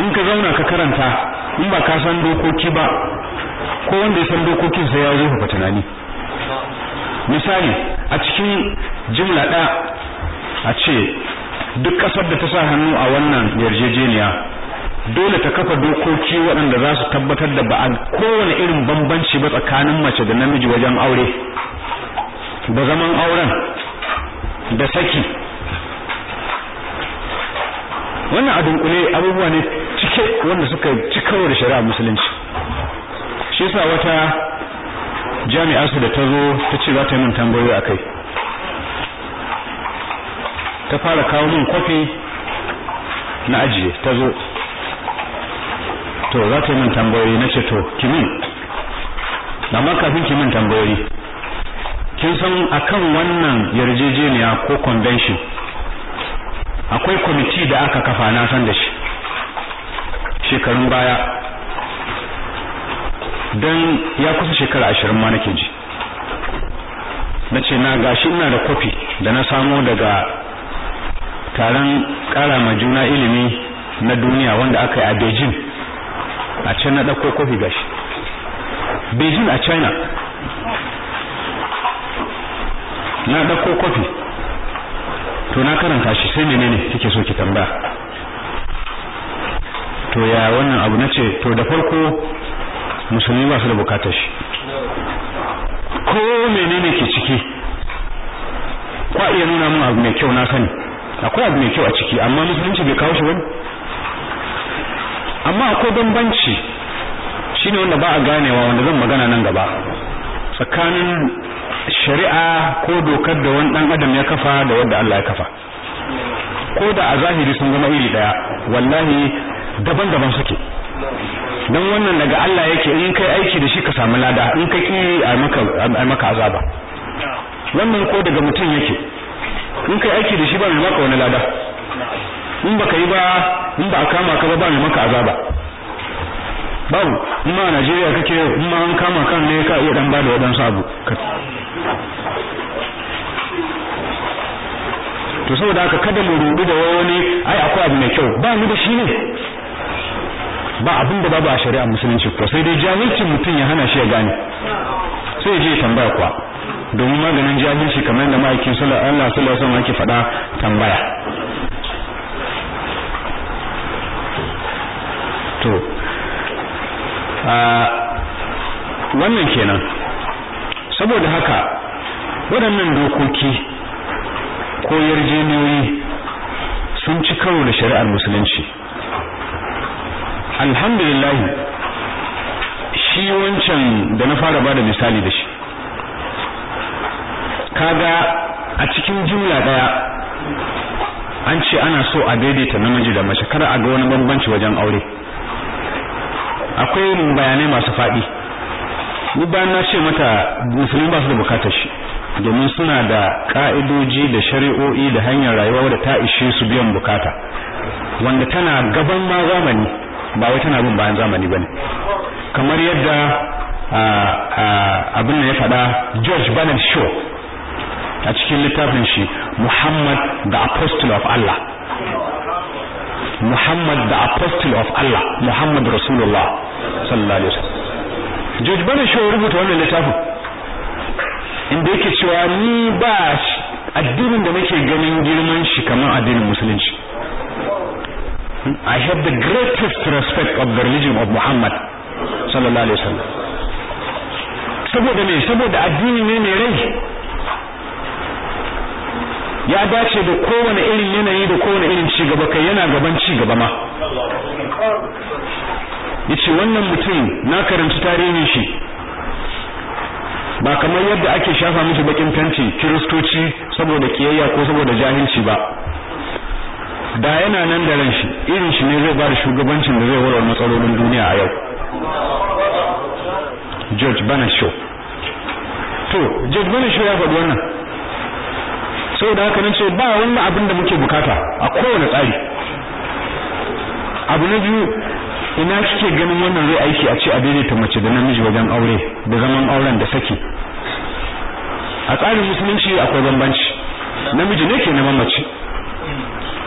Speaker 1: in ka zauna ka karanta in ba ka san dokoki ba ko wanda ya san dokokin sai ya zo ka tunani misali a cikin jimla ɗaya a ce duk ƙasar da ta sa hannu a wannan yarjejeniya dole ta kafa dokoki waɗanda za su tabbatar da ba a kowane irin bambanci ba tsakanin mace da namiji wajen aure da zaman auren da saki wannan a dunkule abubuwa ne cike wanda suka ci kawar shari'a musulunci shi sa wata jami'a su da ta zo ta ce za ta yi min tambayoyi a kai ta fara kawo min kwafi na ajiye ta zo to za ta yi min tambayoyi na ce to kimin amma kafin kimin tambayoyi kin san akan wannan yarjejeniya ko convention akwai kwamiti da aka kafa na san da shi shekarun baya don ya kusa shekara ashirin ma nake ji na ce na gashi ina da kwafi da na samo daga taron kara ma juna ilimi na duniya wanda aka yi a beijing a can na ɗauko kofi gashi beijing a china na ɗauko kofi to na karanta shi sai menene kike so ki tambaya to ya wannan abu na ce to da farko musulmi ba su da bukatar shi ko menene ke ciki kwa iya nuna mun abu mai kyau na sani akwai abu mai kyau a ciki amma musulunci bai kawo shi wani amma akwai bambanci shine wanda ba a ganewa wanda zan magana nan gaba tsakanin shari'a ko dokar da wani dan adam ya kafa da wanda Allah ya kafa ko da a zahiri sun zama iri daya wallahi daban-daban suke dan wannan daga Allah yake in kai aiki da shi ka samu lada in kai ki a maka a maka azaba wannan ko daga mutum yake in kai aiki da shi ba mai maka wani lada in baka yi ba in ba a kama ka ba ba mai maka azaba babu ma a Najeriya kake ma an kama kan ne ka iya dan bada wadansu abu to saboda haka kada mu rubu da wani ai akwai abu mai kyau ba mu da shi ne ba abin da babu a shari'a musulunci ko sai dai jahilcin mutum ya hana shi ya gane sai ya je ya tambaya kuwa domin maganin jahilci kamar yadda ma'aikin Allah alaihi wasallam ake faɗa tambaya to wannan kenan saboda haka waɗannan dokoki ko yarjejeniyoyi sun ci karo da shari'ar musulunci alhamdulillah shi wancan da na fara bada misali da shi kaga a cikin jumla daya an ce ana so a daidaita namiji da mace kada a ga wani bambanci wajen aure akwai bayanai masu faɗi ni bayan na ce mata musulmi ba su da bukatar shi domin suna da ka'idoji da shari'o'i da hanyar rayuwa wadda ta ishe su biyan bukata wanda tana gaban ma zamani ba wai tana bin bayan zamani ba ne kamar yadda abin da ya faɗa George Bernard Shaw a cikin littafin shi Muhammad the Apostle of Allah Muhammad the Apostle of Allah Muhammad Rasulullah sallallahu alaihi wasallam George Bernard ya rubuta wannan littafin inda yake cewa ni ba addinin da nake ganin girman shi kamar addinin musulunci I have the greatest respect of the religion of Muhammad sallallahu alaihi wasallam saboda me saboda addini ne mai rai ya dace da kowane irin yanayi da kowane irin cigaba kai yana gaban cigaba ma yace wannan mutum na karanci tarihin shi ba kamar yadda ake shafa mishi bakin tanci kiristoci saboda kiyayya ko saboda jahilci ba da yana nan da ran shi irin shi ne zai ba da shugabancin da zai warware matsalolin duniya a yau George Banasho to George Banasho ya faɗi wannan saboda haka nan ce ba wani abin da muke bukata a kowane tsari abu na biyu ina kike ganin wannan zai aiki a ce a daidaita mace da namiji wajen aure da zaman auren da saki a tsarin musulunci akwai bambanci namiji ne ke neman mace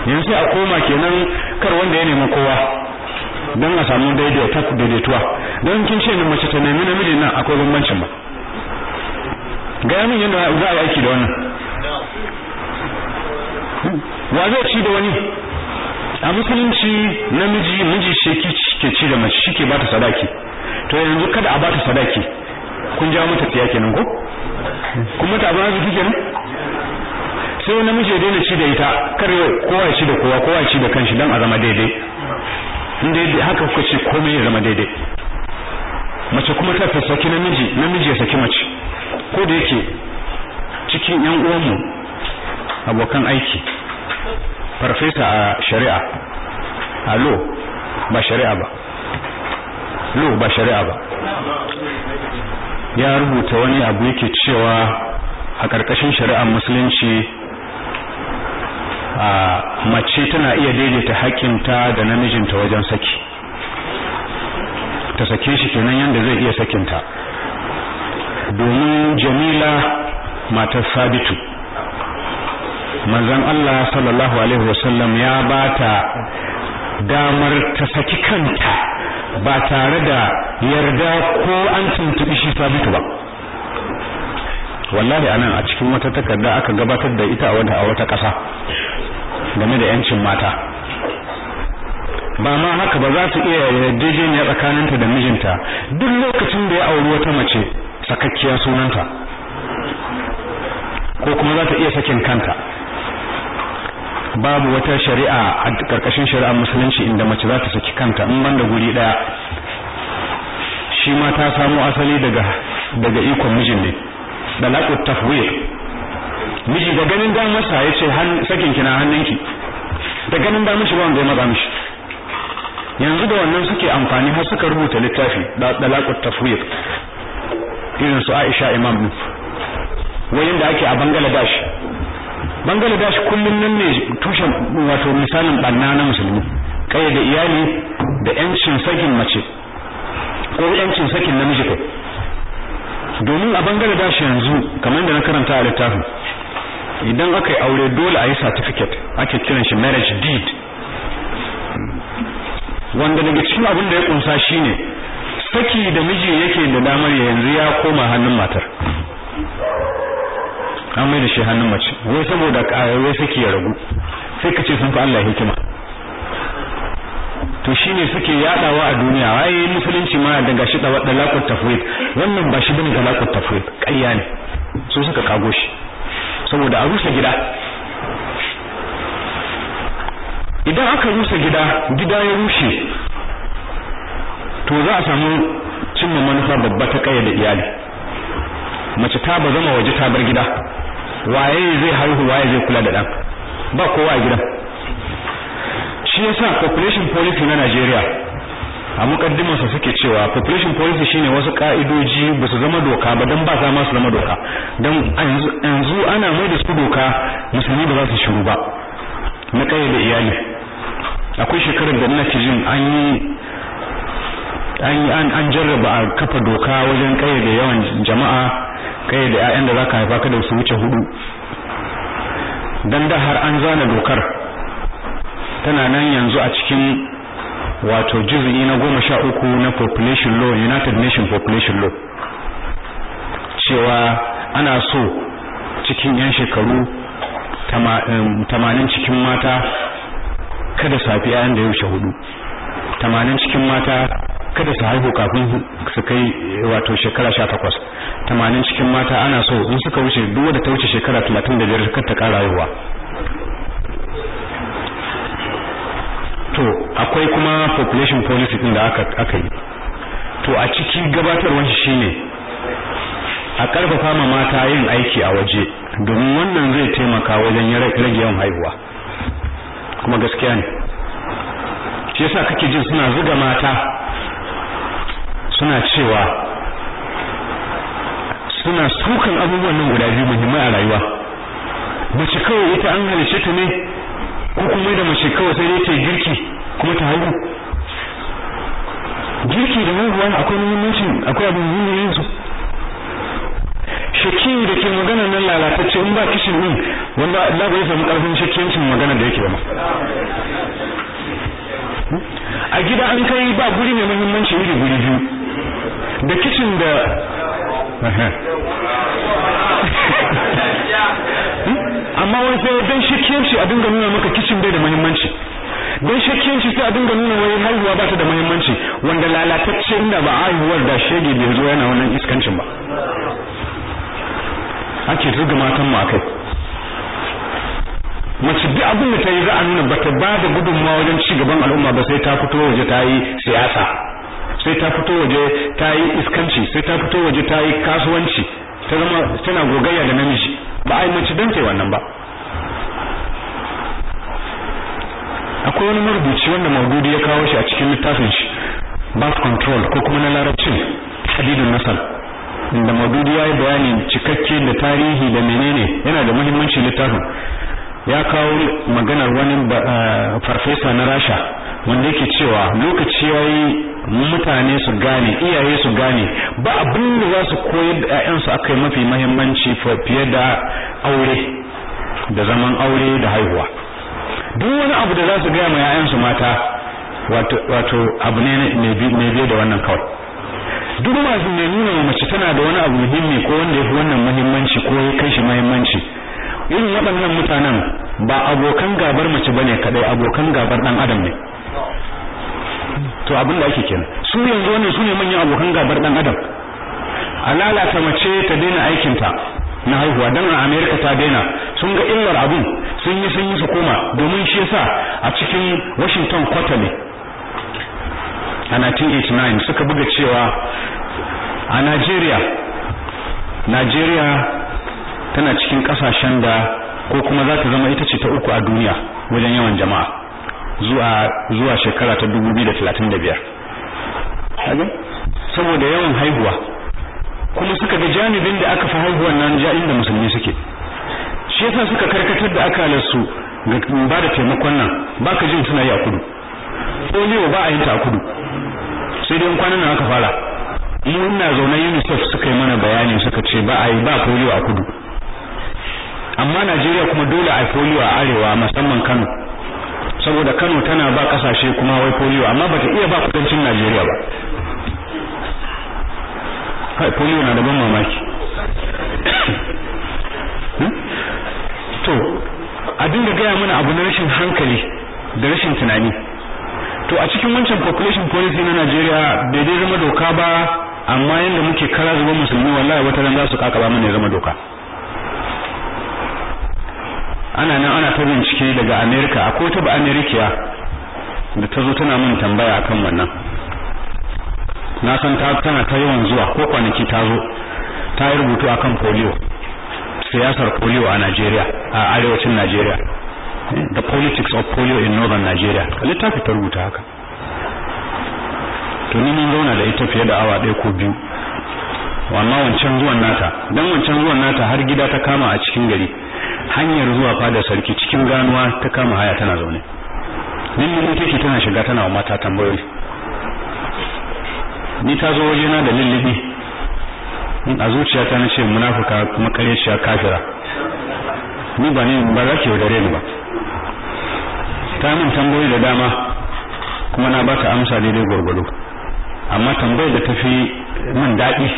Speaker 1: yanzu sai a koma kenan kar wanda ya nemi kowa don a samu daidaita daidaituwa don kin ce mace ta nemi namiji na akwai bambancin ba gaya min yadda za a aiki da wannan wa zai ci da wani a musulunci namiji miji sheki ke ci da mace shi ke bata sadaki to yanzu kada a bata sadaki kun ja mata tiya kenan ko kuma ta abin arziki kenan sai wani namiji ya daina ci da ita kar yau kowa ya ci da kowa kowa ya ci da kanshi dan a zama daidai in dai haka kuka ce komai ya zama daidai mace kuma ta saki namiji namiji ya saki mace ko da yake cikin yan uwanmu abokan aiki farfesa a shari'a a lo ba shari'a ba lo ba shari'a ba ya rubuta wani abu yake cewa a ƙarƙashin shari'ar musulunci a mace tana iya daidaita haƙƙinta da namijinta wajen saki ta sake shi kenan yadda zai iya sakinta domin jamila matar sabitu manzon Allah sallallahu alaihi wasallam ya bata damar ta saki kanta ba tare da yarda ko an tuntubi shi sabitu ba wallahi anan a cikin wata takarda aka gabatar da ita a wata a wata ƙasa game da yancin mata ba ma haka ba za su iya yarjejeniya tsakaninta da mijinta duk lokacin da ya auri wata mace sakakkiya sunanta ko kuma za ta iya sakin kanta babu wata shari'a a karkashin shari'ar musulunci inda mace za ta saki kanta in banda guri daya shi ma ta samu asali daga daga ikon mijin ne dalaqut tafwir miji da ganin da masa yace han sakin kina hannunki da ganin da mishi ba wanda ya maza mishi yanzu da wannan suke amfani har suka rubuta littafi da dalaqut tafwir irin su Aisha Imam wayin da ake a dashi. Bangare bangladesh kullum nan ne tushen wato misalin banna na musulmi kai da iyali da yancin sakin mace ko yancin sakin namiji ko domin a bangladesh yanzu kamar da na karanta a littafin idan aka yi aure dole a yi certificate ake kiran shi marriage deed wanda daga cikin abin da ya kunsa shine saki da miji yake da damar yanzu ya koma hannun matar an mai da shi hannun mace wai saboda wai suke ragu sai ka ce sun fi Allah hikima to shine suke yadawa a duniya waye musulunci ma da gashi da wadda laqut tafwid wannan ba shi bane da laqut tafwid ƙarya ne su suka kago shi saboda a rusa gida idan aka rusa gida gida ya rushe to za a samu cimma manufa babba ta kayyade iyali mace ta ba zama waje ta bar gida waye zai haihu waye zai kula da dan ba kowa a gidan shi yasa population policy na nigeria a sa suke cewa population policy shine wasu ka'idoji ba su zama doka ba dan ba za ma su zama doka don yanzu ana mai da su doka musulmi ba za su shiru ba na kai da iyali akwai shekarar da na jin an yi an an jarraba a kafa doka wajen kai da yawan jama'a kai da 'ya'yan da zaka haifa kada su wuce hudu dan da har an zana dokar tana nan yanzu a cikin wato juz'i na goma sha uku na population law united nation population law cewa ana so cikin 'yan shekaru tamanin cikin mata kada safi 'ya'yan da ya wuce hudu tamanin cikin mata kada su haihu kafin su kai wato shekara sha takwas tamanin cikin mata ana so in suka wuce duk wanda ta wuce shekara talatin da biyar kar ta kara haihuwa to akwai kuma population policy din da aka aka yi to a ciki gabatarwar shi shine a karfafa ma mata yin aiki a waje domin wannan zai taimaka wajen rage yawan haihuwa kuma gaskiya ne shi yasa kake jin suna zuga mata suna cewa suna sukan abubuwan nan guda biyu muhimmai a rayuwa mace kawai ita an halice ta ne ko kuma da mace kawai sai dai ta girki kuma ta haihu girki da haihuwa akwai muhimmanci akwai abin muhimmin su shaki da ke magana nan lalatacce in ba kishin din wanda Allah bai samu karfin shakiyancin magana da yake ba a gida an kai ba guri mai muhimmanci iri guri biyu da kishin da amma wani sai dan shakiyanci a dinga nuna maka kishin bai da muhimmanci dan shi sai a dinga nuna wani haihuwa ba ta da muhimmanci wanda lalatacce inda ba haihuwar da shege bai zo yana wannan iskancin ba ake zuga matan mu akai mace duk abin da ta yi za a nuna ba ta ba da gudunmawa wajen ci gaban al'umma ba sai ta fito waje ta yi siyasa sai ta fito waje ta yi iskanci sai ta fito waje ta yi kasuwanci ta zama tana gogayya da namiji ba a yi mace don ta wannan ba akwai wani marubuci wanda maududi ya kawo shi a cikin littafin shi birth control ko kuma na larabcin hadidun nasal da maududi ya yi bayanin cikakke da tarihi da menene yana da muhimmanci littafin ya kawo maganar wani eh, farfesa na rasha wanda yake cewa lokaci yayi mutane su gane iyaye su gane ba abin da za su koyar da ƴaƴansu akai mafi muhimmanci fiye da aure da zaman aure da haihuwa duk wani abu da za su gaya ma ƴaƴansu mata wato wato abu ne ne biye da wannan kawai duk masu ne nuna mace tana da wani abu muhimmi ko wanda ya fi wannan muhimmanci ko ya kai shi muhimmanci irin waɗannan mutanen ba abokan gabar mace bane kadai abokan gabar dan adam ne to abin da ake kenan su yanzu ne su ne manyan abokan gabar dan adam a lalata mace ta daina aikinta na haihuwa dan a America ta daina sun ga illar abun sun yi sun yi su koma domin shi yasa a cikin Washington Quarterly a 1989 suka buga cewa a Nigeria Nigeria tana cikin kasashen da ko kuma za ta zama ita ce ta uku a duniya wajen yawan jama'a zuwa zuwa shekara ta 2035 biyar. saboda yawan haihuwa kuma suka ga jami'in da aka fi haihuwan nan ja inda musulmi suke shi yasa suka karkatar da akalarsu ga ba da taimakon nan ba ka jin suna yi a kudu ne ba a yin ta a kudu sai dai kwanan nan aka fara muna zaune unicef suka yi mana bayani suka ce ba a yi ba polio a kudu amma najeriya kuma dole a polio a arewa musamman kano saboda Kano tana ba kasashe kuma wai polio amma bata iya ba kudancin Najeriya ba kai polio na da ban mamaki to a dinga gaya mana abu na rashin hankali da rashin tunani to a cikin wancan population policy na Najeriya bai dai zama doka ba amma yadda muke kara zuba musulmi wallahi wata ran za su kakaba mana ya zama doka ana nan ana ta bincike daga amerika a ta ba Amerika da ta zo tana min tambaya akan wannan na san ta tana ta yawan zuwa ko kwanaki ta zo ta yi rubutu akan polio siyasar polio a Najeriya a arewacin Najeriya the politics of polio in northern Nigeria littafi ta rubuta haka to ni mun zauna da ita fiye da awa ɗaya ko biyu amma wancan zuwan nata dan wancan zuwan nata har gida ta kama a cikin gari hanyar zuwa fadar sarki cikin ganuwa ta kama haya tana zaune lillin take tana shiga tana wa mata tambayoyi ni ta zo wajena da lillibi in a zuciya ta nace munafuka kuma shi kafira ni ba ne ba za ki yaudare ni ba ta min tambayoyi da dama kuma na ba ta amsa daidai gwargwado amma tambayar da ta fi min daɗi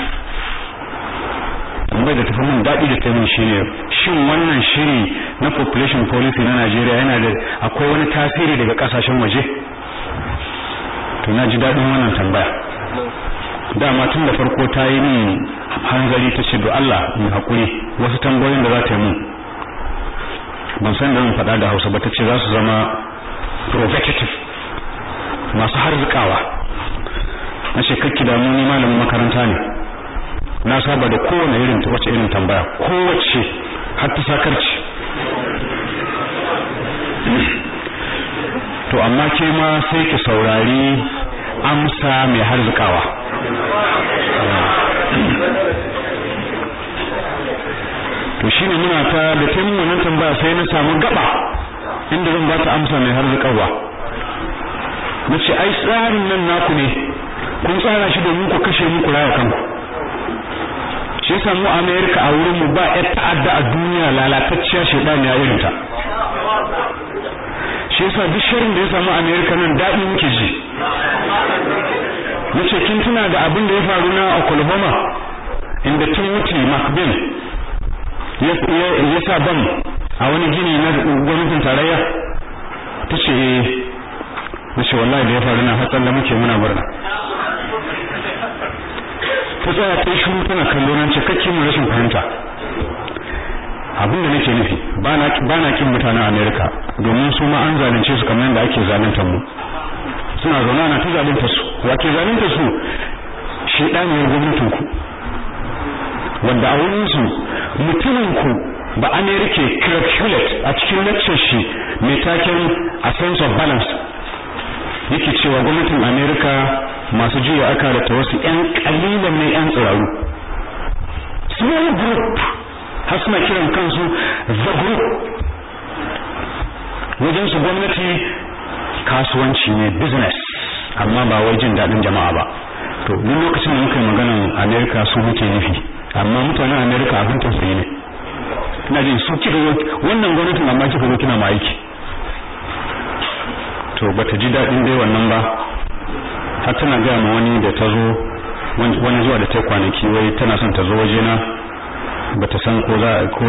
Speaker 1: kuma da tafi mun daɗi da taimun shi ne shin wannan shiri na population policy na Najeriya yana da akwai wani tasiri daga kasashen waje to na ji daɗin wannan tambaya dama tun da farko ta yi min hanzari ta ce do Allah mu haƙuri wasu tambayoyin da za ta yi mun ban san da zan faɗa da Hausa ba ta ce za su zama provocative masu harzikawa na ce kakki damu ni malamin makaranta ne na saba da kowane irin wace irin tambaya kowace har ta sakarci to amma ke ma sai ki saurari amsa mai harzikawa to shi ne muna ta da tun wannan tambaya sai na samu gaba inda zan ba ta amsa mai harzikawa nace ai tsarin nan naku ne kun tsara shi domin ku kashe muku raya kanku shi yasa mu America a wurin mu ba ya ta'adda a duniya lalatacciya shedan ya irin ta shi yasa duk sharin da ya samu America nan daɗi muke ji yace kin tuna da abin da ya faru na Oklahoma inda Timothy McVeigh ya sa bam a wani gini na gwamnatin tarayya tace eh, ce wallahi da ya faru na hatsar da muke muna barna Ka tsaya ta shiru tana kallo nan mu rashin fahimta abin da nake nufi ba na kin mutanen America domin su ma an zalunce su kamar yadda ake zalunta mu suna zaune na ta zalunta su wa ke zalunta su ne gwamnatin ku wanda a wurin su mutumin ku ba America Craig Hewlett a cikin lecture shi mai taken a sense of balance yake cewa gwamnatin America masu jiya aka da wasu yan kalilan ne yan tsiraru small group har suna kiran kansu the group wajen su gwamnati kasuwanci ne business amma ba wai jin daɗin jama'a ba to duk lokacin da muka yi maganan america su muke nufi amma mutanen america abin ta sai ne na jin su kika wannan gwamnatin amma kika zo kina ma aiki to bata ji daɗin dai wannan ba har tana gaya ma wani da ta zo wani zuwa da ta kwanaki wai tana son ta zo waje na ba ta san ko za ko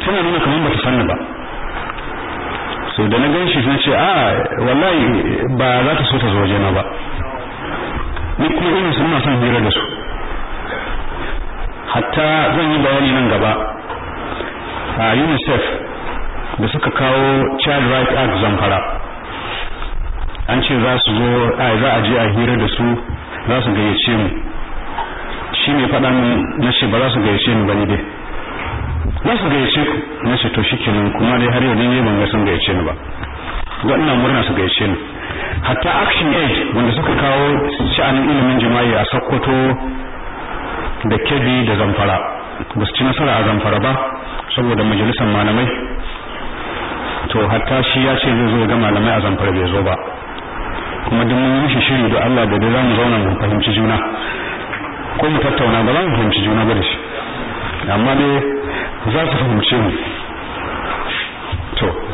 Speaker 1: tana nuna kamar ta san ba so da na gan shi sun ce a ah, wallahi ba za ta so ta zo waje na ba ni kuma ina sun na son hira da su hatta zan yi bayani nan gaba a UNICEF da suka kawo Child Rights Act Zamfara an ce za su zo a za a je a hira da su za su gayyace mu shi ne faɗan na ce ba za su gayyace mu ba ni dai za su gayyace ku na ce to shi kenan kuma dai har yanzu ne ban ga sun gayyace ni ba wannan murna su gayyace ni hatta action aid wanda suka kawo sha'anin ilimin jima'i a Sokoto da Kebbi da Zamfara ba su ci nasara a Zamfara ba saboda majalisar malamai to hatta shi ya ce zai zo ga malamai a Zamfara bai zo ba kuma duk mun mishi shiri da Allah gobe za mu zauna mu fahimci juna ko mu tattauna ba za mu fahimci juna ba da shi amma dai za su fahimce mu to